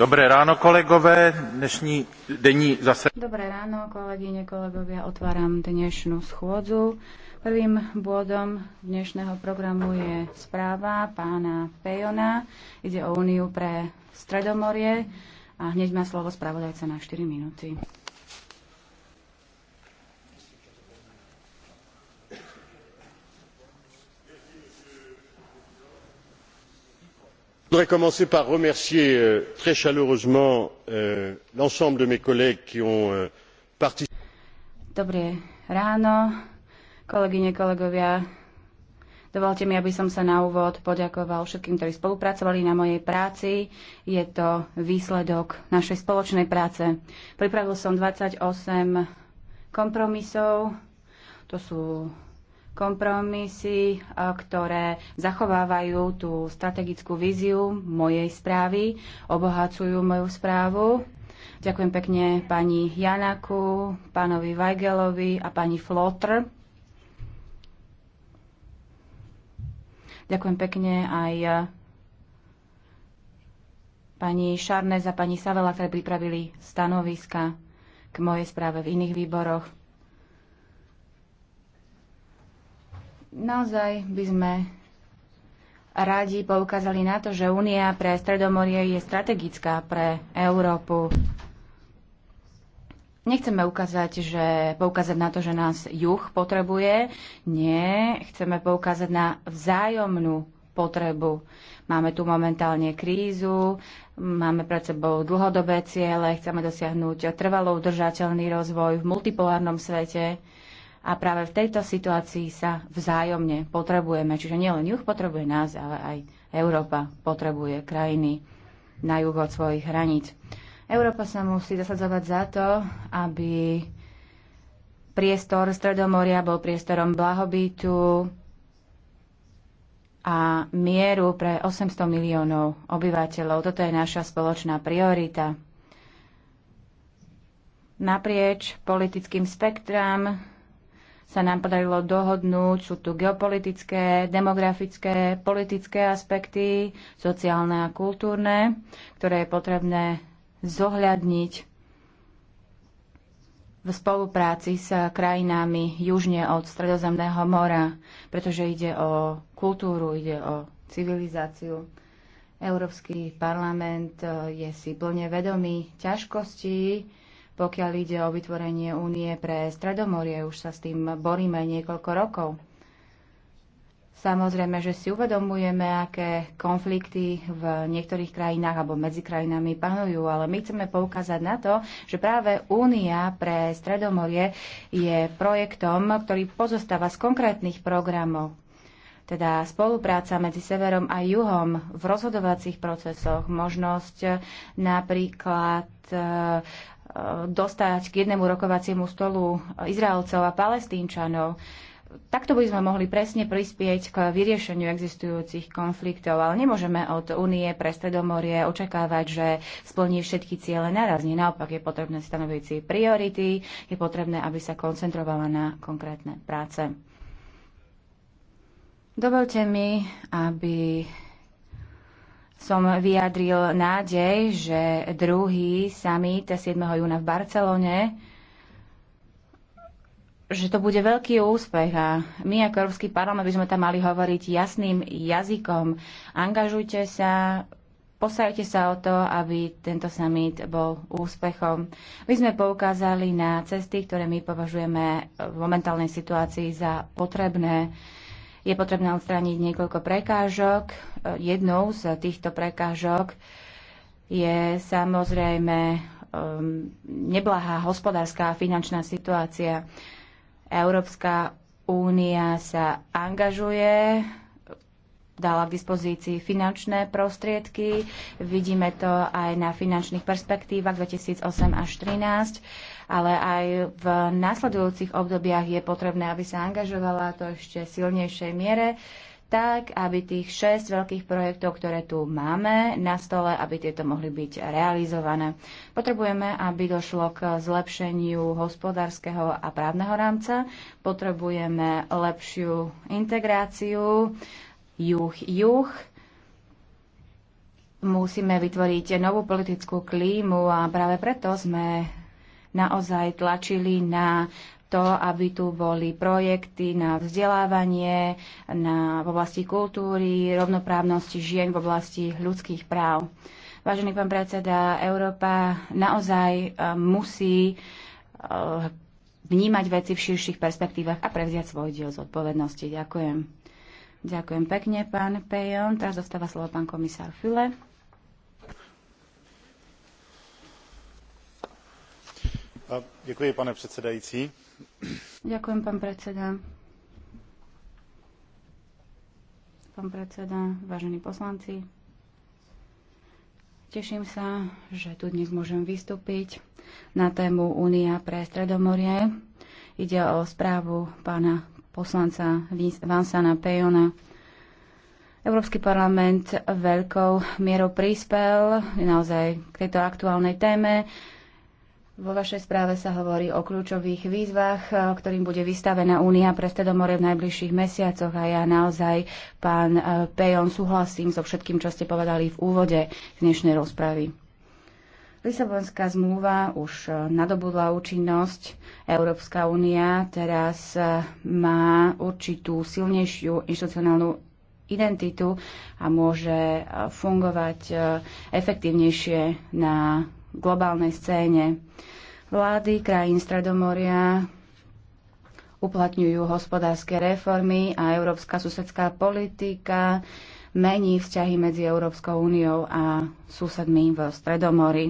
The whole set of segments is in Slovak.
Dobré ráno, kolegové. Dnešní denní zase... Dobré ráno, kolegyne, kolegovia. Otváram dnešnú schôdzu. Prvým bodom dnešného programu je správa pána Pejona. Ide o Úniu pre Stredomorie. A hneď má slovo spravodajca na 4 minúty. je voudrais commencer par remercier euh, très chaleureusement euh, l'ensemble de mes collègues qui ont euh, participé Dobré ráno, kolegovia. Dovolte mi, aby som sa na úvod poďakoval všetkým, ktorí spolupracovali na mojej práci. Je to výsledok našej spoločnej práce. Pripravil som 28 kompromisov. To sú kompromisy, e, ktoré zachovávajú tú strategickú víziu mojej správy, obohacujú moju správu. Ďakujem pekne pani Janaku, pánovi Vajgelovi a pani Flotr. Ďakujem pekne aj e, pani Šarnes a pani Savela, ktoré pripravili stanoviska k mojej správe v iných výboroch. Naozaj by sme radi poukázali na to, že Únia pre Stredomorie je strategická pre Európu. Nechceme ukázať, že, poukázať na to, že nás juh potrebuje. Nie, chceme poukázať na vzájomnú potrebu. Máme tu momentálne krízu, máme pred sebou dlhodobé ciele, chceme dosiahnuť trvalo udržateľný rozvoj v multipolárnom svete a práve v tejto situácii sa vzájomne potrebujeme. Čiže nielen juh potrebuje nás, ale aj Európa potrebuje krajiny na juh od svojich hraníc. Európa sa musí zasadzovať za to, aby priestor Stredomoria bol priestorom blahobytu a mieru pre 800 miliónov obyvateľov. Toto je naša spoločná priorita. Naprieč politickým spektrám sa nám podarilo dohodnúť. Sú tu geopolitické, demografické, politické aspekty, sociálne a kultúrne, ktoré je potrebné zohľadniť v spolupráci s krajinami južne od Stredozemného mora, pretože ide o kultúru, ide o civilizáciu. Európsky parlament eh, je si plne vedomý ťažkostí, pokiaľ ide o vytvorenie únie pre Stredomorie, už sa s tým boríme niekoľko rokov. Samozrejme, že si uvedomujeme, aké konflikty v niektorých krajinách alebo medzi krajinami panujú, ale my chceme poukázať na to, že práve Únia pre Stredomorie je projektom, ktorý pozostáva z konkrétnych programov. Teda spolupráca medzi severom a juhom v rozhodovacích procesoch, možnosť napríklad dostať k jednému rokovaciemu stolu Izraelcov a Palestínčanov. Takto by sme mohli presne prispieť k vyriešeniu existujúcich konfliktov, ale nemôžeme od Únie pre Stredomorie očakávať, že splní všetky ciele naraz. Nie naopak je potrebné stanoviť si priority, je potrebné, aby sa koncentrovala na konkrétne práce. Dovolte mi, aby som vyjadril nádej, že druhý summit 7. júna v Barcelone že to bude veľký úspech a my ako Európsky parlament by sme tam mali hovoriť jasným jazykom. Angažujte sa, posajte sa o to, aby tento summit bol úspechom. My sme poukázali na cesty, ktoré my považujeme v momentálnej situácii za potrebné je potrebné odstrániť niekoľko prekážok. E, jednou z týchto prekážok je samozrejme um, neblahá hospodárska a finančná situácia. Európska únia sa angažuje dala k dispozícii finančné prostriedky. Vidíme to aj na finančných perspektívach 2008 až 2013, ale aj v následujúcich obdobiach je potrebné, aby sa angažovala to ešte silnejšej miere tak, aby tých 6 veľkých projektov, ktoré tu máme na stole, aby tieto mohli byť realizované. Potrebujeme, aby došlo k zlepšeniu hospodárskeho a právneho rámca, potrebujeme lepšiu integráciu juh-juh. Musíme vytvoriť novú politickú klímu a práve preto sme naozaj tlačili na to, aby tu boli projekty na vzdelávanie, na, v oblasti kultúry, rovnoprávnosti žien v oblasti ľudských práv. Vážený pán predseda, Európa naozaj e, musí e, vnímať veci v širších perspektívach a prevziať svoj diel zodpovednosti. Ďakujem. Ďakujem pekne, pán Pejon. Teraz dostáva slovo pán komisár File. Ďakujem, pane predsedajúci. Ďakujem, pán predseda. Pán predseda, vážení poslanci, Teším sa, že tu dnes môžem vystúpiť na tému Únia pre Stredomorie. Ide o správu pána poslanca Vansana Pejona. Európsky parlament veľkou mierou prispel naozaj k tejto aktuálnej téme. Vo vašej správe sa hovorí o kľúčových výzvach, e, ktorým bude vystavená Únia pre Stredomore v najbližších mesiacoch a ja naozaj, pán e, Pejon, súhlasím so všetkým, čo ste povedali v úvode dnešnej rozpravy. Lisabonská zmluva už e, nadobudla účinnosť. Európska únia teraz e, má určitú silnejšiu inštitucionálnu identitu a môže e, fungovať efektívnejšie na globálnej scéne. Vlády krajín Stredomoria uplatňujú hospodárske reformy a európska susedská politika mení vzťahy medzi Európskou úniou a susedmi v Stredomori.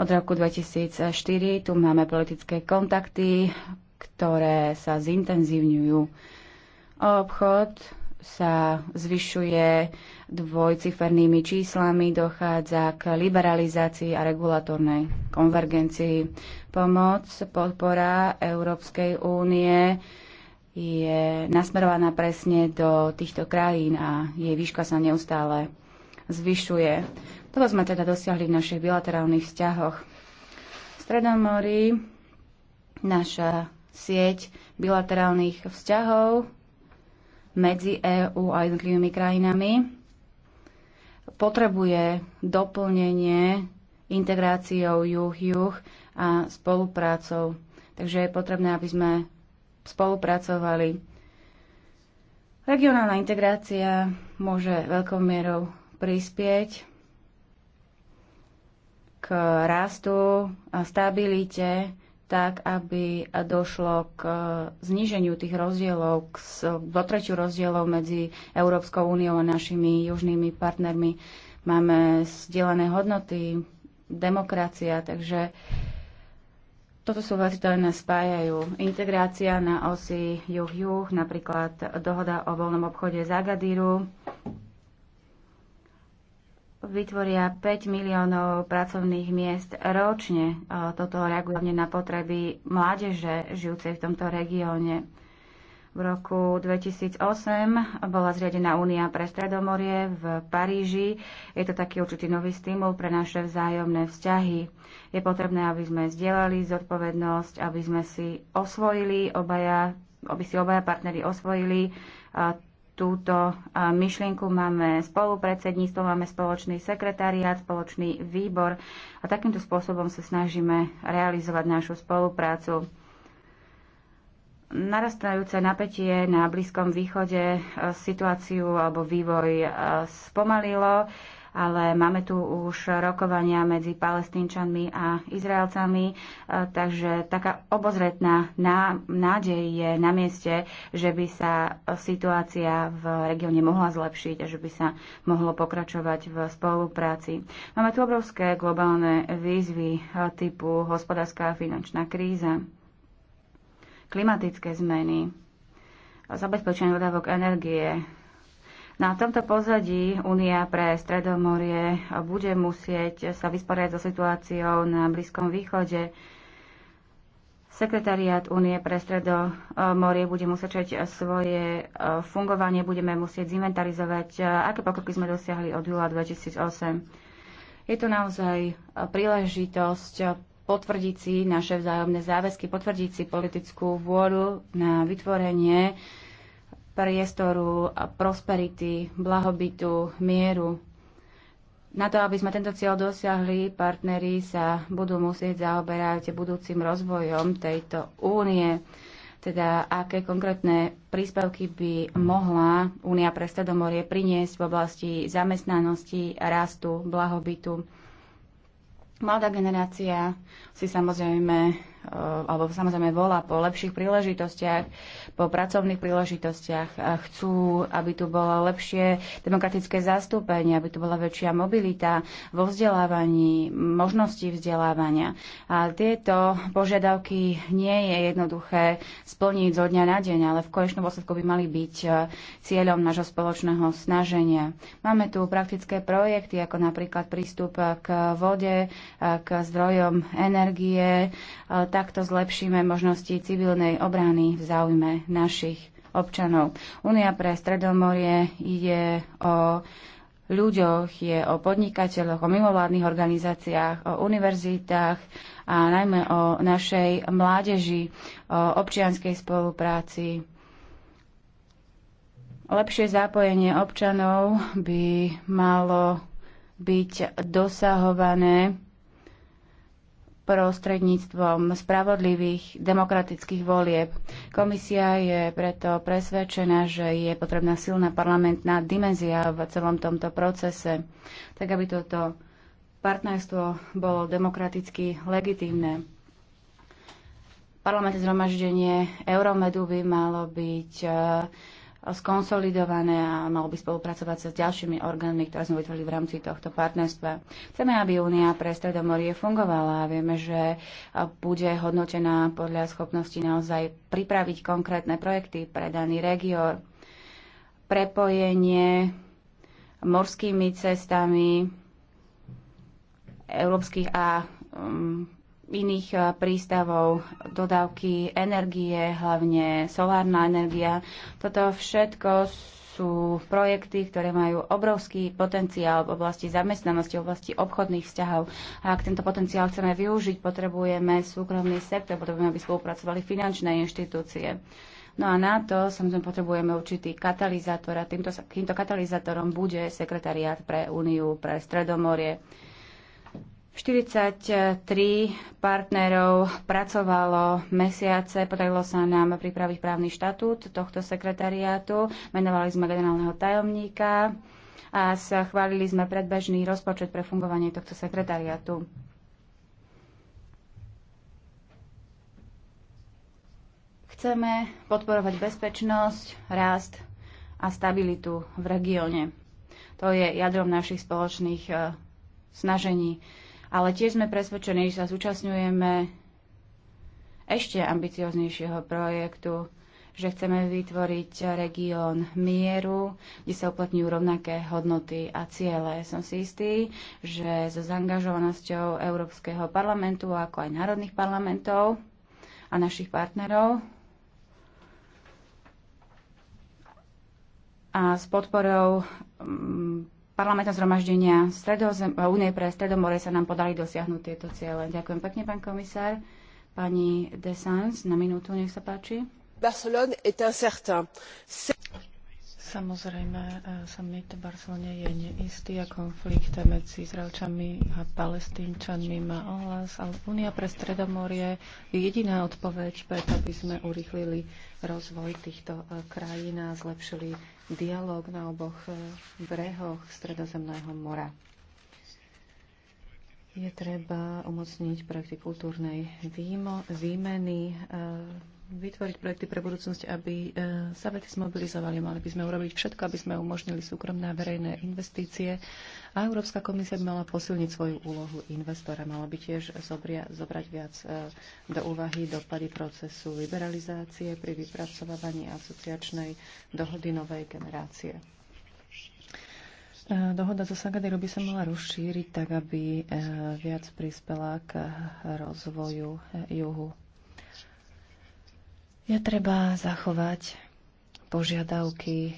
Od roku 2004 tu máme politické kontakty, ktoré sa zintenzívňujú. Obchod sa zvyšuje dvojcifernými číslami, dochádza k liberalizácii a regulatornej konvergencii. Pomoc, podpora Európskej únie je nasmerovaná presne do týchto krajín a jej výška sa neustále zvyšuje. Toto sme teda dosiahli v našich bilaterálnych vzťahoch. V Stredomorí naša sieť bilaterálnych vzťahov medzi EÚ a jednotlivými krajinami potrebuje doplnenie integráciou juh-juh a spoluprácou. Takže je potrebné, aby sme spolupracovali. Regionálna integrácia môže veľkou mierou prispieť k rastu a stabilite tak, aby došlo k zníženiu tých rozdielov, k dotreťu rozdielov medzi Európskou úniou a našimi južnými partnermi. Máme zdieľané hodnoty, demokracia, takže toto sú veci, ktoré nás spájajú. Integrácia na osi juh-juh, napríklad dohoda o voľnom obchode z Agadíru, vytvoria 5 miliónov pracovných miest ročne. Toto reaguje na potreby mládeže žijúcej v tomto regióne. V roku 2008 bola zriadená Únia pre Stredomorie v Paríži. Je to taký určitý nový stimul pre naše vzájomné vzťahy. Je potrebné, aby sme zdieľali zodpovednosť, aby sme si osvojili obaja, aby si obaja partnery osvojili túto myšlienku. Máme spolupredsedníctvo, máme spoločný sekretariát, spoločný výbor a takýmto spôsobom sa snažíme realizovať našu spoluprácu narastajúce napätie na Blízkom východe e, situáciu alebo vývoj e, spomalilo, ale máme tu už rokovania medzi palestínčanmi a Izraelcami, e, takže taká obozretná nádej je na mieste, že by sa situácia v regióne mohla zlepšiť a že by sa mohlo pokračovať v spolupráci. Máme tu obrovské globálne výzvy typu hospodárska a finančná kríza klimatické zmeny, zabezpečenie dodávok energie. Na tomto pozadí Únia pre Stredomorie bude musieť sa vysporiadať so situáciou na Blízkom východe. Sekretariát Únie pre Stredomorie bude musieť svoje e, fungovanie, budeme musieť zinventarizovať, e, aké pokroky sme dosiahli od júla 2008. Je to naozaj e, príležitosť potvrdiť si naše vzájomné záväzky, potvrdiť si politickú vôľu na vytvorenie priestoru a prosperity, blahobytu, mieru. Na to, aby sme tento cieľ dosiahli, partneri sa budú musieť zaoberať budúcim rozvojom tejto únie, teda aké konkrétne príspevky by mohla Únia pre Stredomorie priniesť v oblasti zamestnanosti, rastu, blahobytu Mladá generácia si samozrejme Eh, alebo samozrejme volá po lepších príležitostiach, po pracovných príležitostiach. Chcú, aby tu bolo lepšie demokratické zastúpenie, aby tu bola väčšia mobilita vo vzdelávaní, možnosti vzdelávania. A tieto požiadavky nie je jednoduché splniť zo dňa na deň, ale v konečnom dôsledku by mali byť eh, cieľom nášho spoločného snaženia. Máme tu praktické projekty, ako napríklad prístup k vode, eh, k zdrojom energie, takto zlepšíme možnosti civilnej obrany v záujme našich občanov. Únia pre Stredomorie je o ľuďoch, je o podnikateľoch, o mimovládnych organizáciách, o univerzitách a najmä o našej mládeži, o občianskej spolupráci. Lepšie zapojenie občanov by malo byť dosahované prostredníctvom spravodlivých demokratických volieb. Komisia je preto presvedčená, že je potrebná silná parlamentná dimenzia v celom tomto procese, tak aby toto partnerstvo bolo demokraticky legitímne. Parlamentné zhromaždenie Euromedu by malo byť uh, skonsolidované a malo by spolupracovať sa s ďalšími orgánmi, ktoré sme vytvorili v rámci tohto partnerstva. Chceme, aby Únia pre Stredomorie fungovala a vieme, že bude hodnotená podľa schopnosti naozaj pripraviť konkrétne projekty pre daný región, prepojenie morskými cestami európskych a um, iných eh, prístavov, dodávky energie, hlavne solárna energia. Toto všetko sú projekty, ktoré majú obrovský potenciál v oblasti zamestnanosti, v oblasti obchodných vzťahov. A ak tento potenciál chceme využiť, potrebujeme súkromný sektor, potrebujeme, aby spolupracovali finančné inštitúcie. No a na to samozrejme potrebujeme určitý katalizátor a týmto, týmto katalizátorom bude sekretariát pre Úniu, pre Stredomorie. 43 partnerov pracovalo mesiace, podarilo sa nám pripraviť právny štatút tohto sekretariátu, menovali sme generálneho tajomníka a schválili sme predbežný rozpočet pre fungovanie tohto sekretariátu. Chceme podporovať bezpečnosť, rast a stabilitu v regióne. To je jadrom našich spoločných eh, snažení ale tiež sme presvedčení, že sa zúčastňujeme ešte ambicioznejšieho projektu, že chceme vytvoriť región mieru, kde sa uplatňujú rovnaké hodnoty a ciele. Som si istý, že so zaangažovanosťou Európskeho parlamentu, ako aj národných parlamentov a našich partnerov a s podporou mm, parlamentného zhromaždenia eh, Únie pre Stredomore sa nám podali dosiahnuť tieto ciele. Ďakujem pekne, pán komisár. Pani Desans, na minútu, nech sa páči. incertain. Samozrejme, eh, summit v Barcelone je neistý a konflikt medzi Izraelčami a Palestínčanmi má ohlas, ale Únia pre Stredomorie je jediná odpoveď, preto aby sme urýchlili rozvoj týchto eh, krajín a zlepšili dialog na oboch eh, brehoch Stredozemného mora. Je treba umocniť projekty kultúrnej výmo, výmeny, eh, vytvoriť projekty pre budúcnosť, aby e, sa veci zmobilizovali. Mali by sme urobiť všetko, aby sme umožnili súkromné a verejné investície. A Európska komisia by mala posilniť svoju úlohu investora. Mala by tiež zobria, zobrať viac e, do úvahy dopady procesu liberalizácie pri vypracovávaní asociačnej dohody novej generácie. E, dohoda so Sagadeiro by sa mala rozšíriť tak, aby viac prispela k rozvoju juhu je treba zachovať požiadavky e,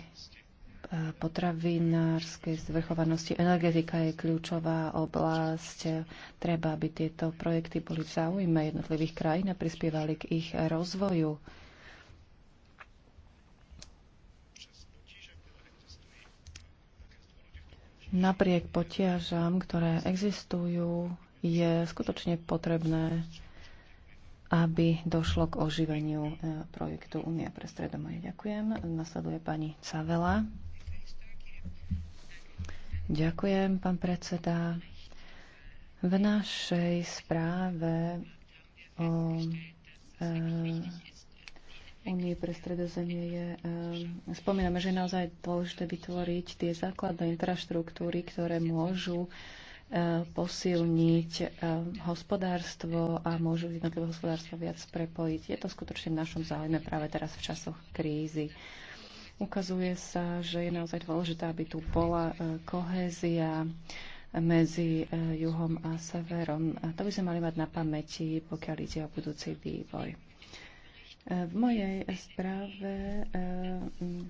potravinárskej zvrchovanosti. Energetika je kľúčová oblasť. Treba, aby tieto projekty boli v záujme jednotlivých krajín a prispievali k ich rozvoju. Napriek potiažam, ktoré existujú, je skutočne potrebné aby došlo k oživeniu e, projektu Unia pre Stredomorie. Ďakujem. Nasleduje pani Cavela. Ďakujem, pán predseda. V našej správe o e, Unii pre stredozemie je, e, spomíname, že je naozaj dôležité vytvoriť tie základné infraštruktúry, ktoré môžu Eh, posilniť eh, hospodárstvo a môžu jednotlivé hospodárstvo viac prepojiť. Je to skutočne v našom záujme práve teraz v časoch krízy. Ukazuje sa, že je naozaj dôležité, aby tu bola eh, kohézia medzi juhom a severom. A to by sme mali mať na pamäti, pokiaľ ide o budúci vývoj. V mojej správe mm,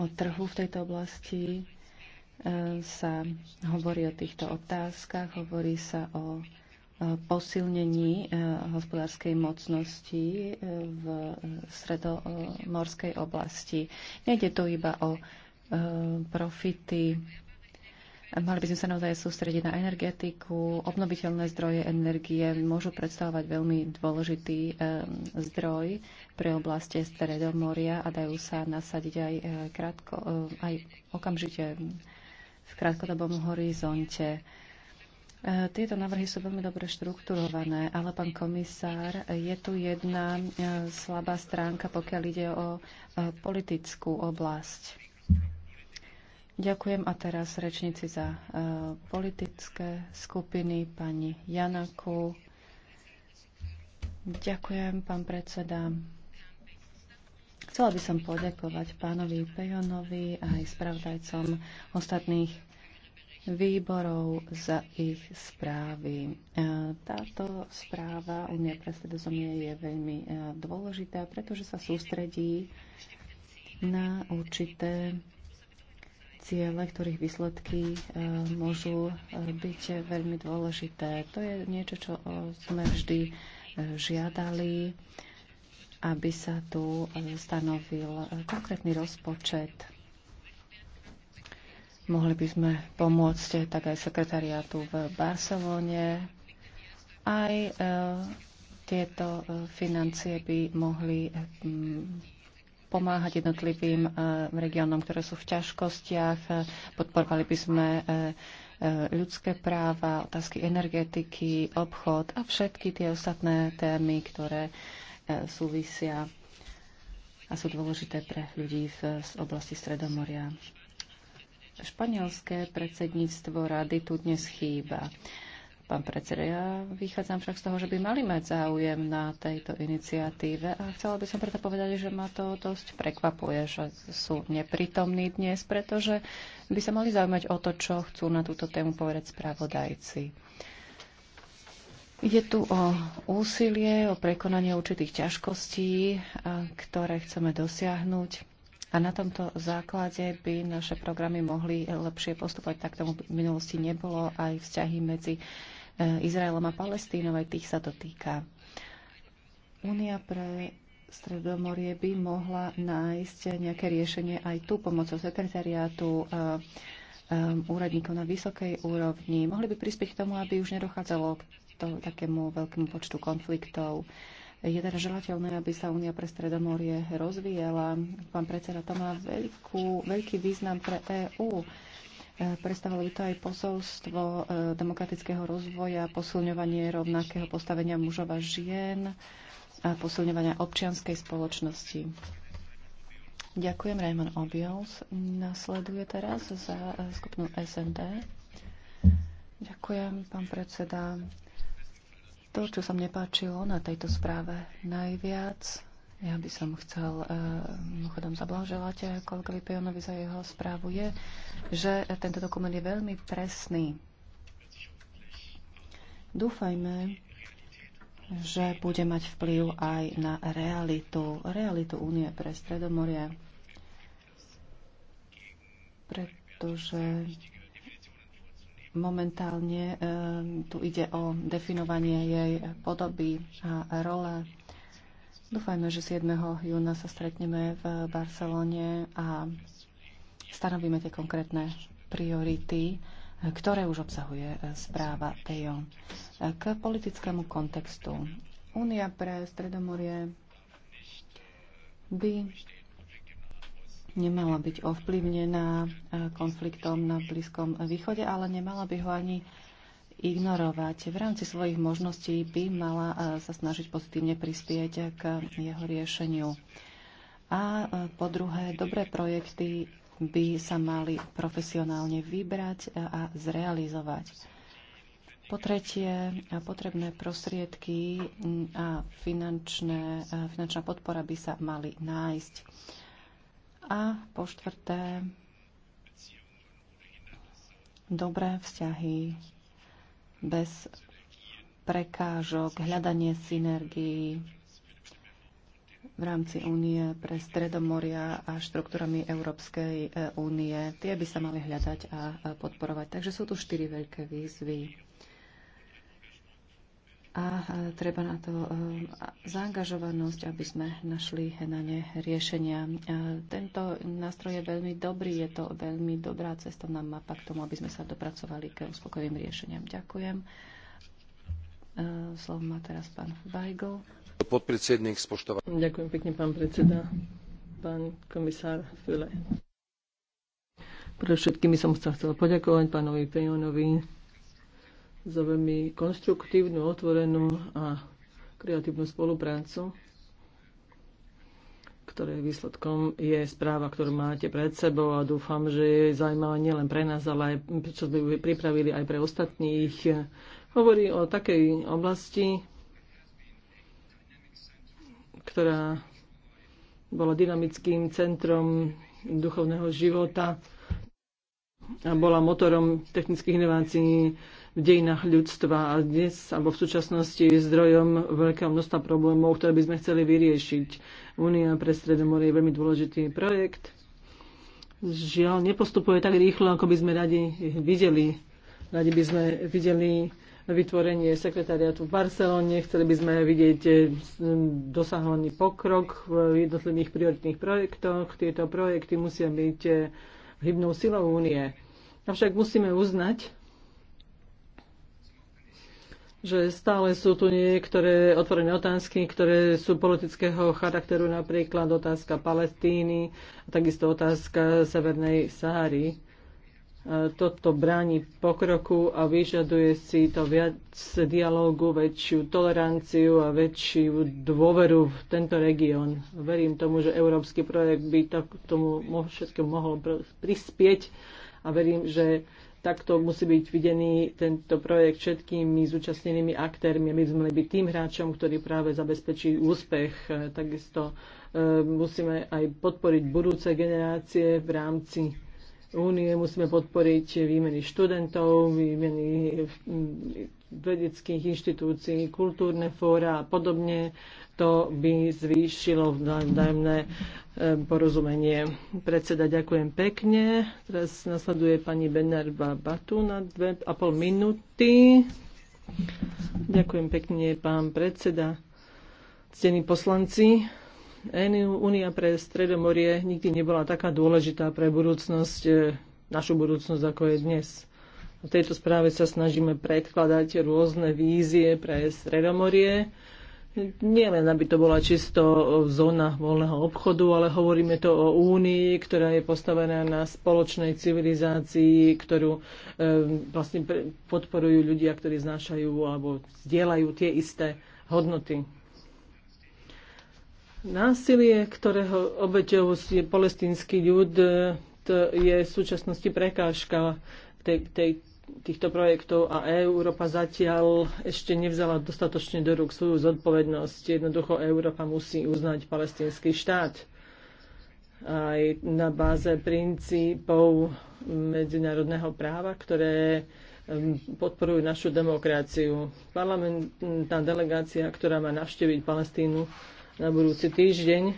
o trhu v tejto oblasti sa hovorí o týchto otázkach, hovorí sa o posilnení e, hospodárskej mocnosti e, v stredomorskej oblasti. Nejde tu iba o e, profity. Mali by sme sa naozaj sústrediť na energetiku. Obnoviteľné zdroje energie môžu predstavovať veľmi dôležitý zdroj pre oblasti Stredomoria a dajú sa nasadiť aj, krátko, aj okamžite v krátkodobom horizonte. E, tieto návrhy sú veľmi dobre štrukturované, ale pán komisár, je tu jedna e, slabá stránka, pokiaľ ide o e, politickú oblasť. Ďakujem a teraz rečníci za politické skupiny, pani Janaku. Ďakujem, pán predseda. Chcela by som poďakovať pánovi Pejonovi a aj spravdajcom ostatných výborov za ich správy. E, táto správa mňa pre stredozemie je veľmi e, dôležitá, pretože sa sústredí na určité ciele, ktorých výsledky e, môžu byť veľmi dôležité. To je niečo, čo sme vždy žiadali aby sa tu stanovil konkrétny rozpočet. Mohli by sme pomôcť tak aj sekretariátu v Barcelone. Aj e, tieto e, financie by mohli mm, pomáhať jednotlivým e, regiónom, ktoré sú v ťažkostiach. Podporovali by sme e, ľudské práva, otázky energetiky, obchod a všetky tie ostatné témy, ktoré E, súvisia a sú dôležité pre ľudí v oblasti Stredomoria. Španielské predsedníctvo rady tu dnes chýba. Pán predseda, ja vychádzam však z toho, že by mali mať záujem na tejto iniciatíve a chcela by som preto povedať, že ma to dosť prekvapuje, že sú neprítomní dnes, pretože by sa mali zaujímať o to, čo chcú na túto tému povedať spravodajci. Ide tu o úsilie, o prekonanie určitých ťažkostí, ktoré chceme dosiahnuť. A na tomto základe by naše programy mohli lepšie postupovať. Tak tomu v minulosti nebolo aj vzťahy medzi e, Izraelom a Palestínou, aj tých sa to týka. Únia pre Stredomorie by mohla nájsť nejaké riešenie aj tu pomocou sekretariátu úradníkov na vysokej úrovni. Mohli by prispieť k tomu, aby už nedochádzalo k to, takému veľkému počtu konfliktov. Je teda želateľné, aby sa Únia pre Stredomorie rozvíjela. Pán predseda, to má veľkú, veľký význam pre EÚ. E, Predstavilo by to aj posolstvo e, demokratického rozvoja, posilňovanie rovnakého postavenia mužov a žien a posilňovania občianskej spoločnosti. Ďakujem. Raymond Obiels nasleduje teraz za e, skupinu SND. Ďakujem, pán predseda. To, čo sa mne páčilo na tejto správe najviac, ja by som chcel e, mimochodom zablahoželať e, kolegovi Pejonovi za jeho správu, je, že tento dokument je veľmi presný. Dúfajme, že bude mať vplyv aj na realitu, realitu Únie pre Stredomorie, pretože Momentálne e, tu ide o definovanie jej podoby a role. Dúfajme, že 7. júna sa stretneme v Barcelone a stanovíme tie konkrétne priority, ktoré už obsahuje e, správa Tejo. E, k politickému kontextu. Únia pre Stredomorie by nemala byť ovplyvnená e, konfliktom na Blízkom východe, ale nemala by ho ani ignorovať. V rámci svojich možností by mala e, sa snažiť pozitívne prispieť k jeho riešeniu. A e, po druhé, dobré projekty by sa mali profesionálne vybrať a zrealizovať. Po tretie, potrebné prostriedky a finančné, finančná podpora by sa mali nájsť. A po štvrté, dobré vzťahy bez prekážok, hľadanie synergií v rámci únie pre Stredomoria a štruktúrami Európskej e, únie. Tie by sa mali hľadať a podporovať. Takže sú tu štyri veľké výzvy a treba na to e, zaangažovanosť, aby sme našli na ne riešenia. E, tento nástroj je veľmi dobrý, je to veľmi dobrá cesta na mapa k tomu, aby sme sa dopracovali k uspokojivým riešeniam. Ďakujem. E, slovo má teraz pán Weigl. Podpredsedník spoštová. Ďakujem pekne, pán predseda, pán komisár File. Pre všetkými som sa chcela poďakovať pánovi Pejonovi za veľmi konštruktívnu, otvorenú a kreatívnu spoluprácu, ktoré výsledkom je správa, ktorú máte pred sebou a dúfam, že je zaujímavá nielen pre nás, ale aj čo sme pripravili aj pre ostatných. Hovorí o takej oblasti, ktorá bola dynamickým centrom duchovného života a bola motorom technických inovácií v dejinách ľudstva a dnes alebo v súčasnosti je zdrojom veľkého množstva problémov, ktoré by sme chceli vyriešiť. Únia pre Stredomorie je veľmi dôležitý projekt. Žiaľ, nepostupuje tak rýchlo, ako by sme radi videli. Radi by sme videli vytvorenie sekretariátu v Barcelone. Chceli by sme vidieť eh, dosahovaný pokrok v jednotlivých prioritných projektoch. Tieto projekty musia byť eh, hybnou silou únie. Avšak musíme uznať, že stále sú tu niektoré otvorené otázky, ktoré sú politického charakteru, napríklad otázka Palestíny a takisto otázka Severnej Sahary. Toto bráni pokroku a vyžaduje si to viac dialógu, väčšiu toleranciu a väčšiu dôveru v tento región. Verím tomu, že európsky projekt by k tomu všetkému mohol prispieť a verím, že takto musí byť videný tento projekt všetkými zúčastnenými aktérmi, aby sme byť tým hráčom, ktorý práve zabezpečí úspech. Takisto e, musíme aj podporiť budúce generácie v rámci únie, musíme podporiť výmeny študentov, výmeny vedeckých inštitúcií, kultúrne fóra a podobne, to by zvýšilo vzájomné e, porozumenie. Predseda, ďakujem pekne. Teraz nasleduje pani Benerba Batu na dve a pol minúty. Ďakujem pekne, pán predseda. Ctení poslanci, Únia pre Stredomorie nikdy nebola taká dôležitá pre budúcnosť, e, našu budúcnosť, ako je dnes v tejto správe sa snažíme predkladať rôzne vízie pre Stredomorie. Nie len, aby to bola čisto zóna voľného obchodu, ale hovoríme to o únii, ktorá je postavená na spoločnej civilizácii, ktorú e, vlastne podporujú ľudia, ktorí znášajú alebo zdieľajú tie isté hodnoty. Násilie, ktorého obeťou je palestínsky ľud, e, to je v súčasnosti prekážka tej, tej, týchto projektov a Európa zatiaľ ešte nevzala dostatočne do rúk svoju zodpovednosť. Jednoducho Európa musí uznať palestínsky štát aj na báze princípov medzinárodného práva, ktoré podporujú našu demokraciu. Parlamentná delegácia, ktorá má navštíviť Palestínu na budúci týždeň,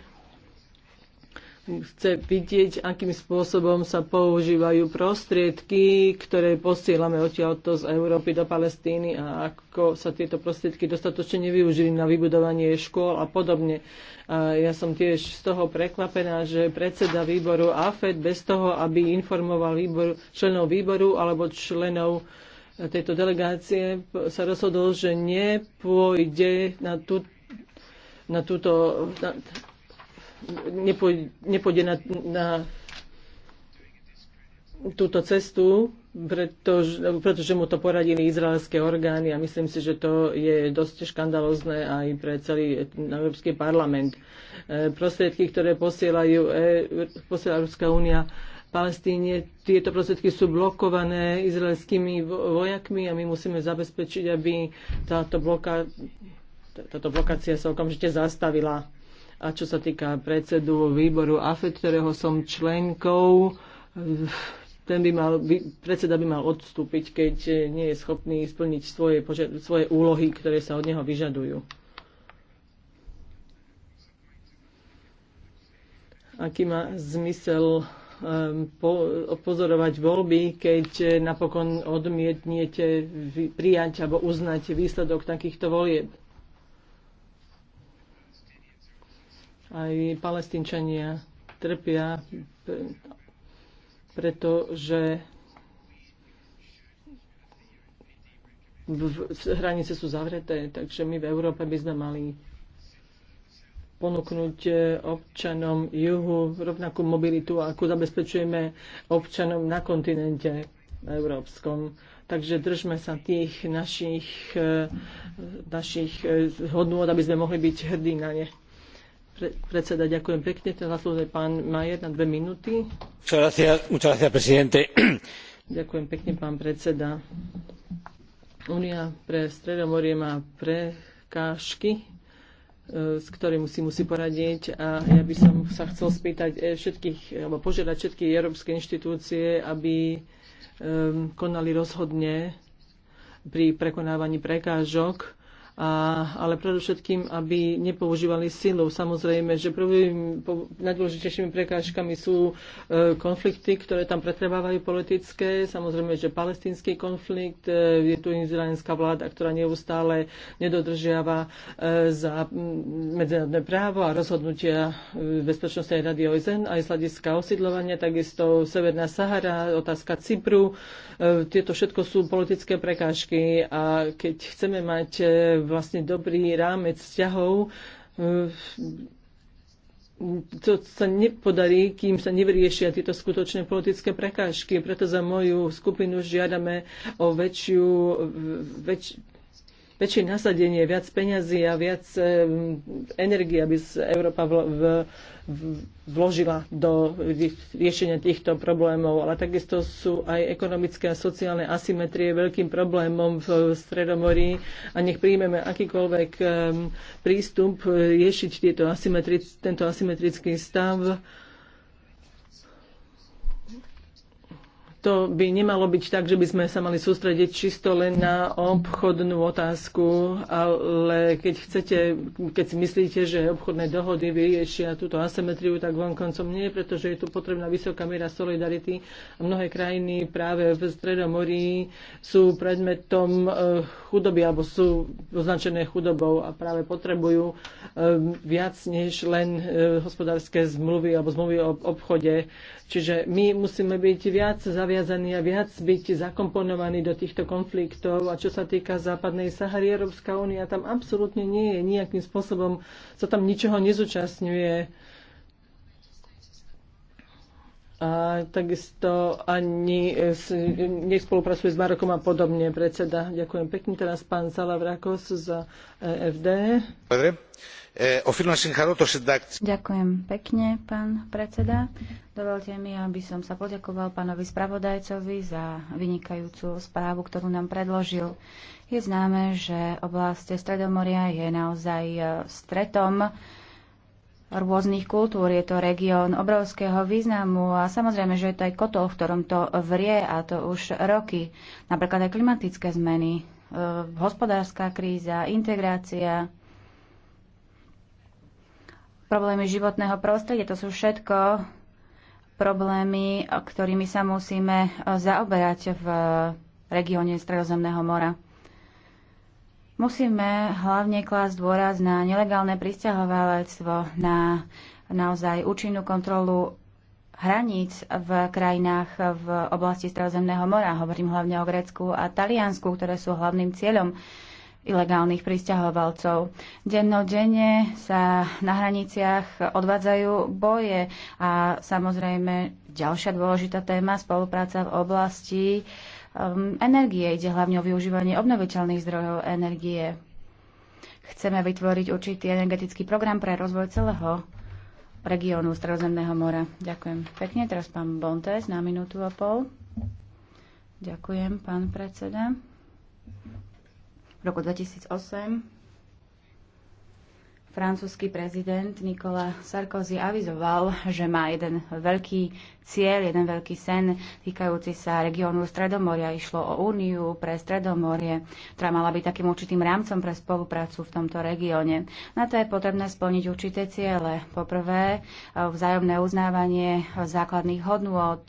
chce vidieť, akým spôsobom sa používajú prostriedky, ktoré posielame odtiaľto z Európy do Palestíny a ako sa tieto prostriedky dostatočne nevyužili na vybudovanie škôl a podobne. A ja som tiež z toho prekvapená, že predseda výboru AFED bez toho, aby informoval výbor, členov výboru alebo členov e, tejto delegácie sa rozhodol, že nepôjde na, tú, na túto na, nepôjde, nepôjde na, na túto cestu, pretože, pretože mu to poradili izraelské orgány a myslím si, že to je dosť škandalozné aj pre celý Európsky parlament. E, prostriedky, ktoré posielajú, e, posiela Európska únia Palestíne, tieto prostriedky sú blokované izraelskými vojakmi a my musíme zabezpečiť, aby táto, bloka, táto blokácia sa okamžite zastavila. A čo sa týka predsedu výboru AFED, ktorého som členkou, ten by mal, predseda by mal odstúpiť, keď nie je schopný splniť svoje, svoje úlohy, ktoré sa od neho vyžadujú. Aký má zmysel ehm, pozorovať voľby, keď napokon odmietnete prijať alebo uznať výsledok takýchto volieb. aj palestinčania trpia, pretože hranice sú zavreté, takže my v Európe by sme mali ponúknuť e, občanom juhu rovnakú mobilitu, ako zabezpečujeme občanom na kontinente európskom. Takže držme sa tých našich, e, našich e, hodnôt, aby sme mohli byť hrdí na ne predseda, ďakujem pekne. Teraz je pán Majer na dve minúty. Ďakujem pekne, pán predseda. Únia pre Stredomorie má prekážky, e, s ktorým si musí poradiť a ja by som sa chcel spýtať e, všetkých, alebo požiadať všetky európske inštitúcie, aby e, konali rozhodne pri prekonávaní prekážok, a, ale predovšetkým, aby nepoužívali silu. Samozrejme, že prvým po, najdôležitejšími prekážkami sú e, konflikty, ktoré tam pretrvávajú politické. Samozrejme, že palestínsky konflikt, e, je tu izraelská vláda, ktorá neustále nedodržiava e, za medzinárodné právo a rozhodnutia e, Bezpečnostnej rady OSN aj z hľadiska osidlovania, takisto Severná Sahara, otázka Cypru. E, tieto všetko sú politické prekážky a keď chceme mať e, vlastne dobrý rámec vzťahov e, to sa nepodarí, kým sa nevyriešia tieto skutočné politické prekážky. Preto za moju skupinu žiadame o väčšiu, väč, väčšie nasadenie, viac peňazí a viac energie, aby Európa vložila do riešenia týchto problémov. Ale takisto sú aj ekonomické a sociálne asymetrie veľkým problémom v Stredomorí a nech príjmeme akýkoľvek prístup eh, riešiť tieto asymetri- tento asymetrický stav to by nemalo byť tak, že by sme sa mali sústrediť čisto len na obchodnú otázku, ale keď chcete, keď si myslíte, že obchodné dohody vyriešia túto asymetriu, tak vonkoncom nie, pretože je tu potrebná vysoká miera solidarity a mnohé krajiny práve v Stredomorí sú predmetom e, chudoby alebo sú označené chudobou a práve potrebujú e, viac než len e, hospodárske zmluvy alebo zmluvy o obchode. Čiže my musíme byť viac zaviazaní a viac byť zakomponovaní do týchto konfliktov. A čo sa týka západnej Sahary, Európska únia tam absolútne nie je nejakým spôsobom, sa tam ničoho nezúčastňuje a takisto ani nespolupracuje s Marokom a podobne predseda. Ďakujem pekne teraz pán Salavrakos za e FD. E, Ďakujem pekne, pán predseda. Dovolte mi, aby som sa poďakoval pánovi spravodajcovi za vynikajúcu správu, ktorú nám predložil. Je známe, že oblast Stredomoria je naozaj e, stretom rôznych kultúr. Je to región obrovského významu a samozrejme, že je to aj kotol, v ktorom to vrie a to už roky. Napríklad aj klimatické zmeny, e, hospodárska kríza, integrácia, problémy životného prostredia, to sú všetko problémy, ktorými sa musíme zaoberať v regióne Stredozemného mora. Musíme hlavne klásť dôraz na nelegálne pristahovalectvo, na naozaj účinnú kontrolu hraníc v krajinách v oblasti Stredozemného mora. Hovorím hlavne o Grécku a Taliansku, ktoré sú hlavným cieľom ilegálnych pristahovalcov. Dennodenne sa na hraniciach odvádzajú boje a samozrejme ďalšia dôležitá téma spolupráca v oblasti Um, energie. Ide hlavne o využívanie obnoviteľných zdrojov energie. Chceme vytvoriť určitý energetický program pre rozvoj celého regiónu Stredozemného mora. Ďakujem pekne. Teraz pán Bontes na minútu a pol. Ďakujem, pán predseda. V roku 2008 francúzsky prezident Nikola Sarkozy avizoval, že má jeden veľký cieľ, jeden veľký sen týkajúci sa regiónu Stredomoria. Išlo o úniu pre Stredomorie, ktorá mala byť takým určitým rámcom pre spoluprácu v tomto regióne. Na to je potrebné splniť určité ciele. Poprvé, vzájomné uznávanie základných hodnôt,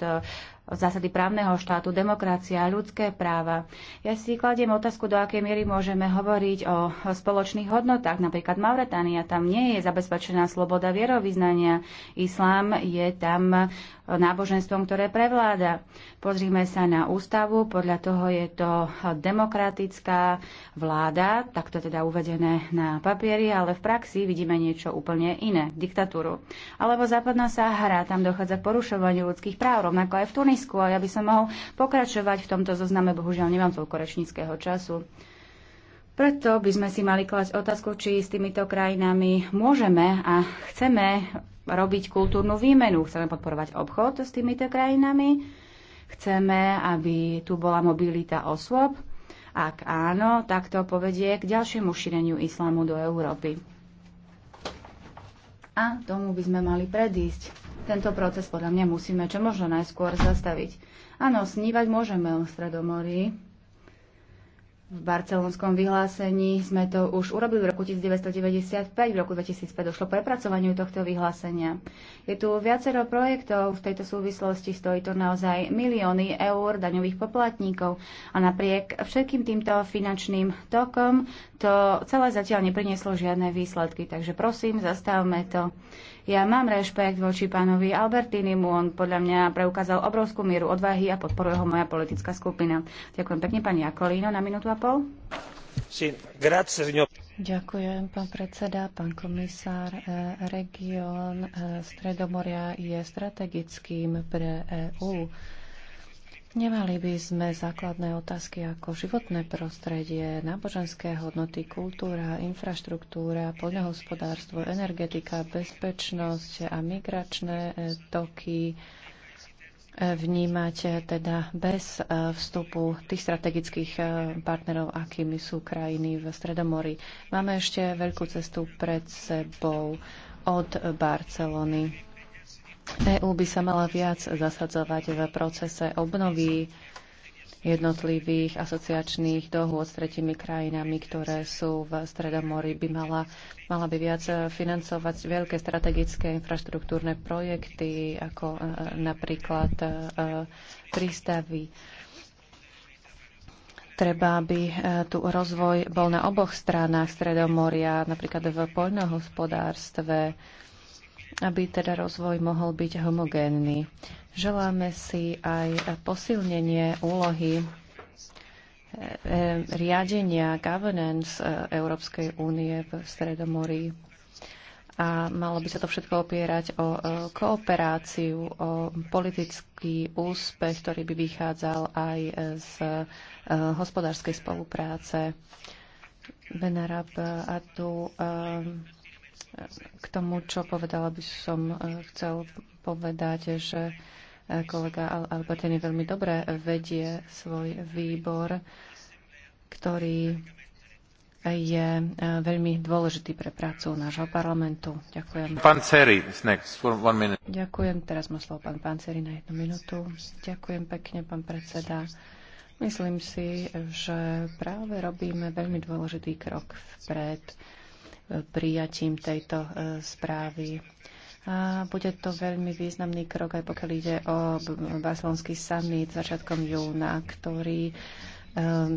zásady právneho štátu, demokracia, ľudské práva. Ja si kladiem otázku, do akej miery môžeme hovoriť o spoločných hodnotách. Napríklad Mauretánia, tam nie je zabezpečená sloboda vierovýznania. Islám je tam náboženstvom, ktoré prevláda. Pozrime sa na ústavu, podľa toho je to demokratická vláda, takto teda uvedené na papieri, ale v praxi vidíme niečo úplne iné, diktatúru. Alebo západná Sahara, tam dochádza k porušovaniu ľudských práv, rovnako aj v Tunisku. A ja by som mohol pokračovať v tomto zozname, bohužiaľ nemám toľko rečníckého času. Preto by sme si mali klásť otázku, či s týmito krajinami môžeme a chceme robiť kultúrnu výmenu, chceme podporovať obchod s týmito krajinami, chceme, aby tu bola mobilita osôb. Ak áno, tak to povedie k ďalšiemu šíreniu islamu do Európy. A tomu by sme mali predísť. Tento proces podľa mňa musíme čo možno najskôr zastaviť. Áno, snívať môžeme o Stredomorí, v barcelonskom vyhlásení sme to už urobili v roku 1995, v roku 2005 došlo k prepracovaniu tohto vyhlásenia. Je tu viacero projektov, v tejto súvislosti stojí to naozaj milióny eur daňových poplatníkov a napriek všetkým týmto finančným tokom to celé zatiaľ neprinieslo žiadne výsledky, takže prosím, zastavme to. Ja mám rešpekt voči pánovi Albertinimu, on podľa mňa preukázal obrovskú mieru odvahy a podporuje ho moja politická skupina. Ďakujem pekne, pani Jakolíno, na minútu a pol. Ďakujem, pán predseda, pán komisár. E, región e, Stredomoria je strategickým pre EÚ. Nemali by sme základné otázky ako životné prostredie, náboženské hodnoty, kultúra, infraštruktúra, poľnohospodárstvo, energetika, bezpečnosť a migračné e, toky e, vnímať e, teda bez vstupu tých strategických partnerov, akými sú krajiny v Stredomori. Máme ešte veľkú cestu pred sebou od Barcelony EÚ by sa mala viac zasadzovať v procese obnovy jednotlivých asociačných dohôd s tretimi krajinami, ktoré sú v Stredomori, by mala, mala by viac financovať veľké strategické infraštruktúrne projekty, ako e, napríklad e, prístavy. Treba, aby e, tu rozvoj bol na oboch stranách Stredomoria, napríklad v poľnohospodárstve, aby teda rozvoj mohol byť homogénny. Želáme si aj posilnenie úlohy eh, eh, riadenia governance eh, Európskej únie v Stredomorí. A malo by sa to všetko opierať o kooperáciu, o politický úspech, ktorý by vychádzal aj z hospodárskej spolupráce. Benarab Atu k tomu, čo povedala, by som e, chcel povedať, že e, kolega Albertini veľmi dobre vedie svoj výbor, ktorý je e, veľmi dôležitý pre prácu nášho parlamentu. Ďakujem. Pán Ceri, next for one minute. Ďakujem. Teraz má slovo pán Panceri na jednu minútu. Ďakujem pekne, pán predseda. Myslím si, že práve robíme veľmi dôležitý krok vpred prijatím tejto e, správy. A bude to veľmi významný krok, aj pokiaľ ide o barcelonský summit začiatkom júna, ktorý e,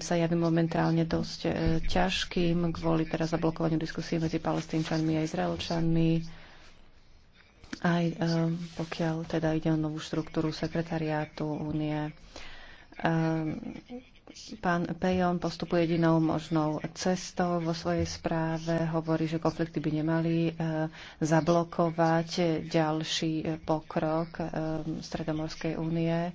sa javí momentálne dosť e, ťažkým kvôli teraz zablokovaniu diskusí medzi palestínčanmi a izraelčanmi. Aj pokiaľ teda ide o novú štruktúru sekretariátu únie Pán Pejon postupuje jedinou možnou cestou vo svojej správe. Hovorí, že konflikty by nemali e, zablokovať ďalší pokrok e, Stredomorskej únie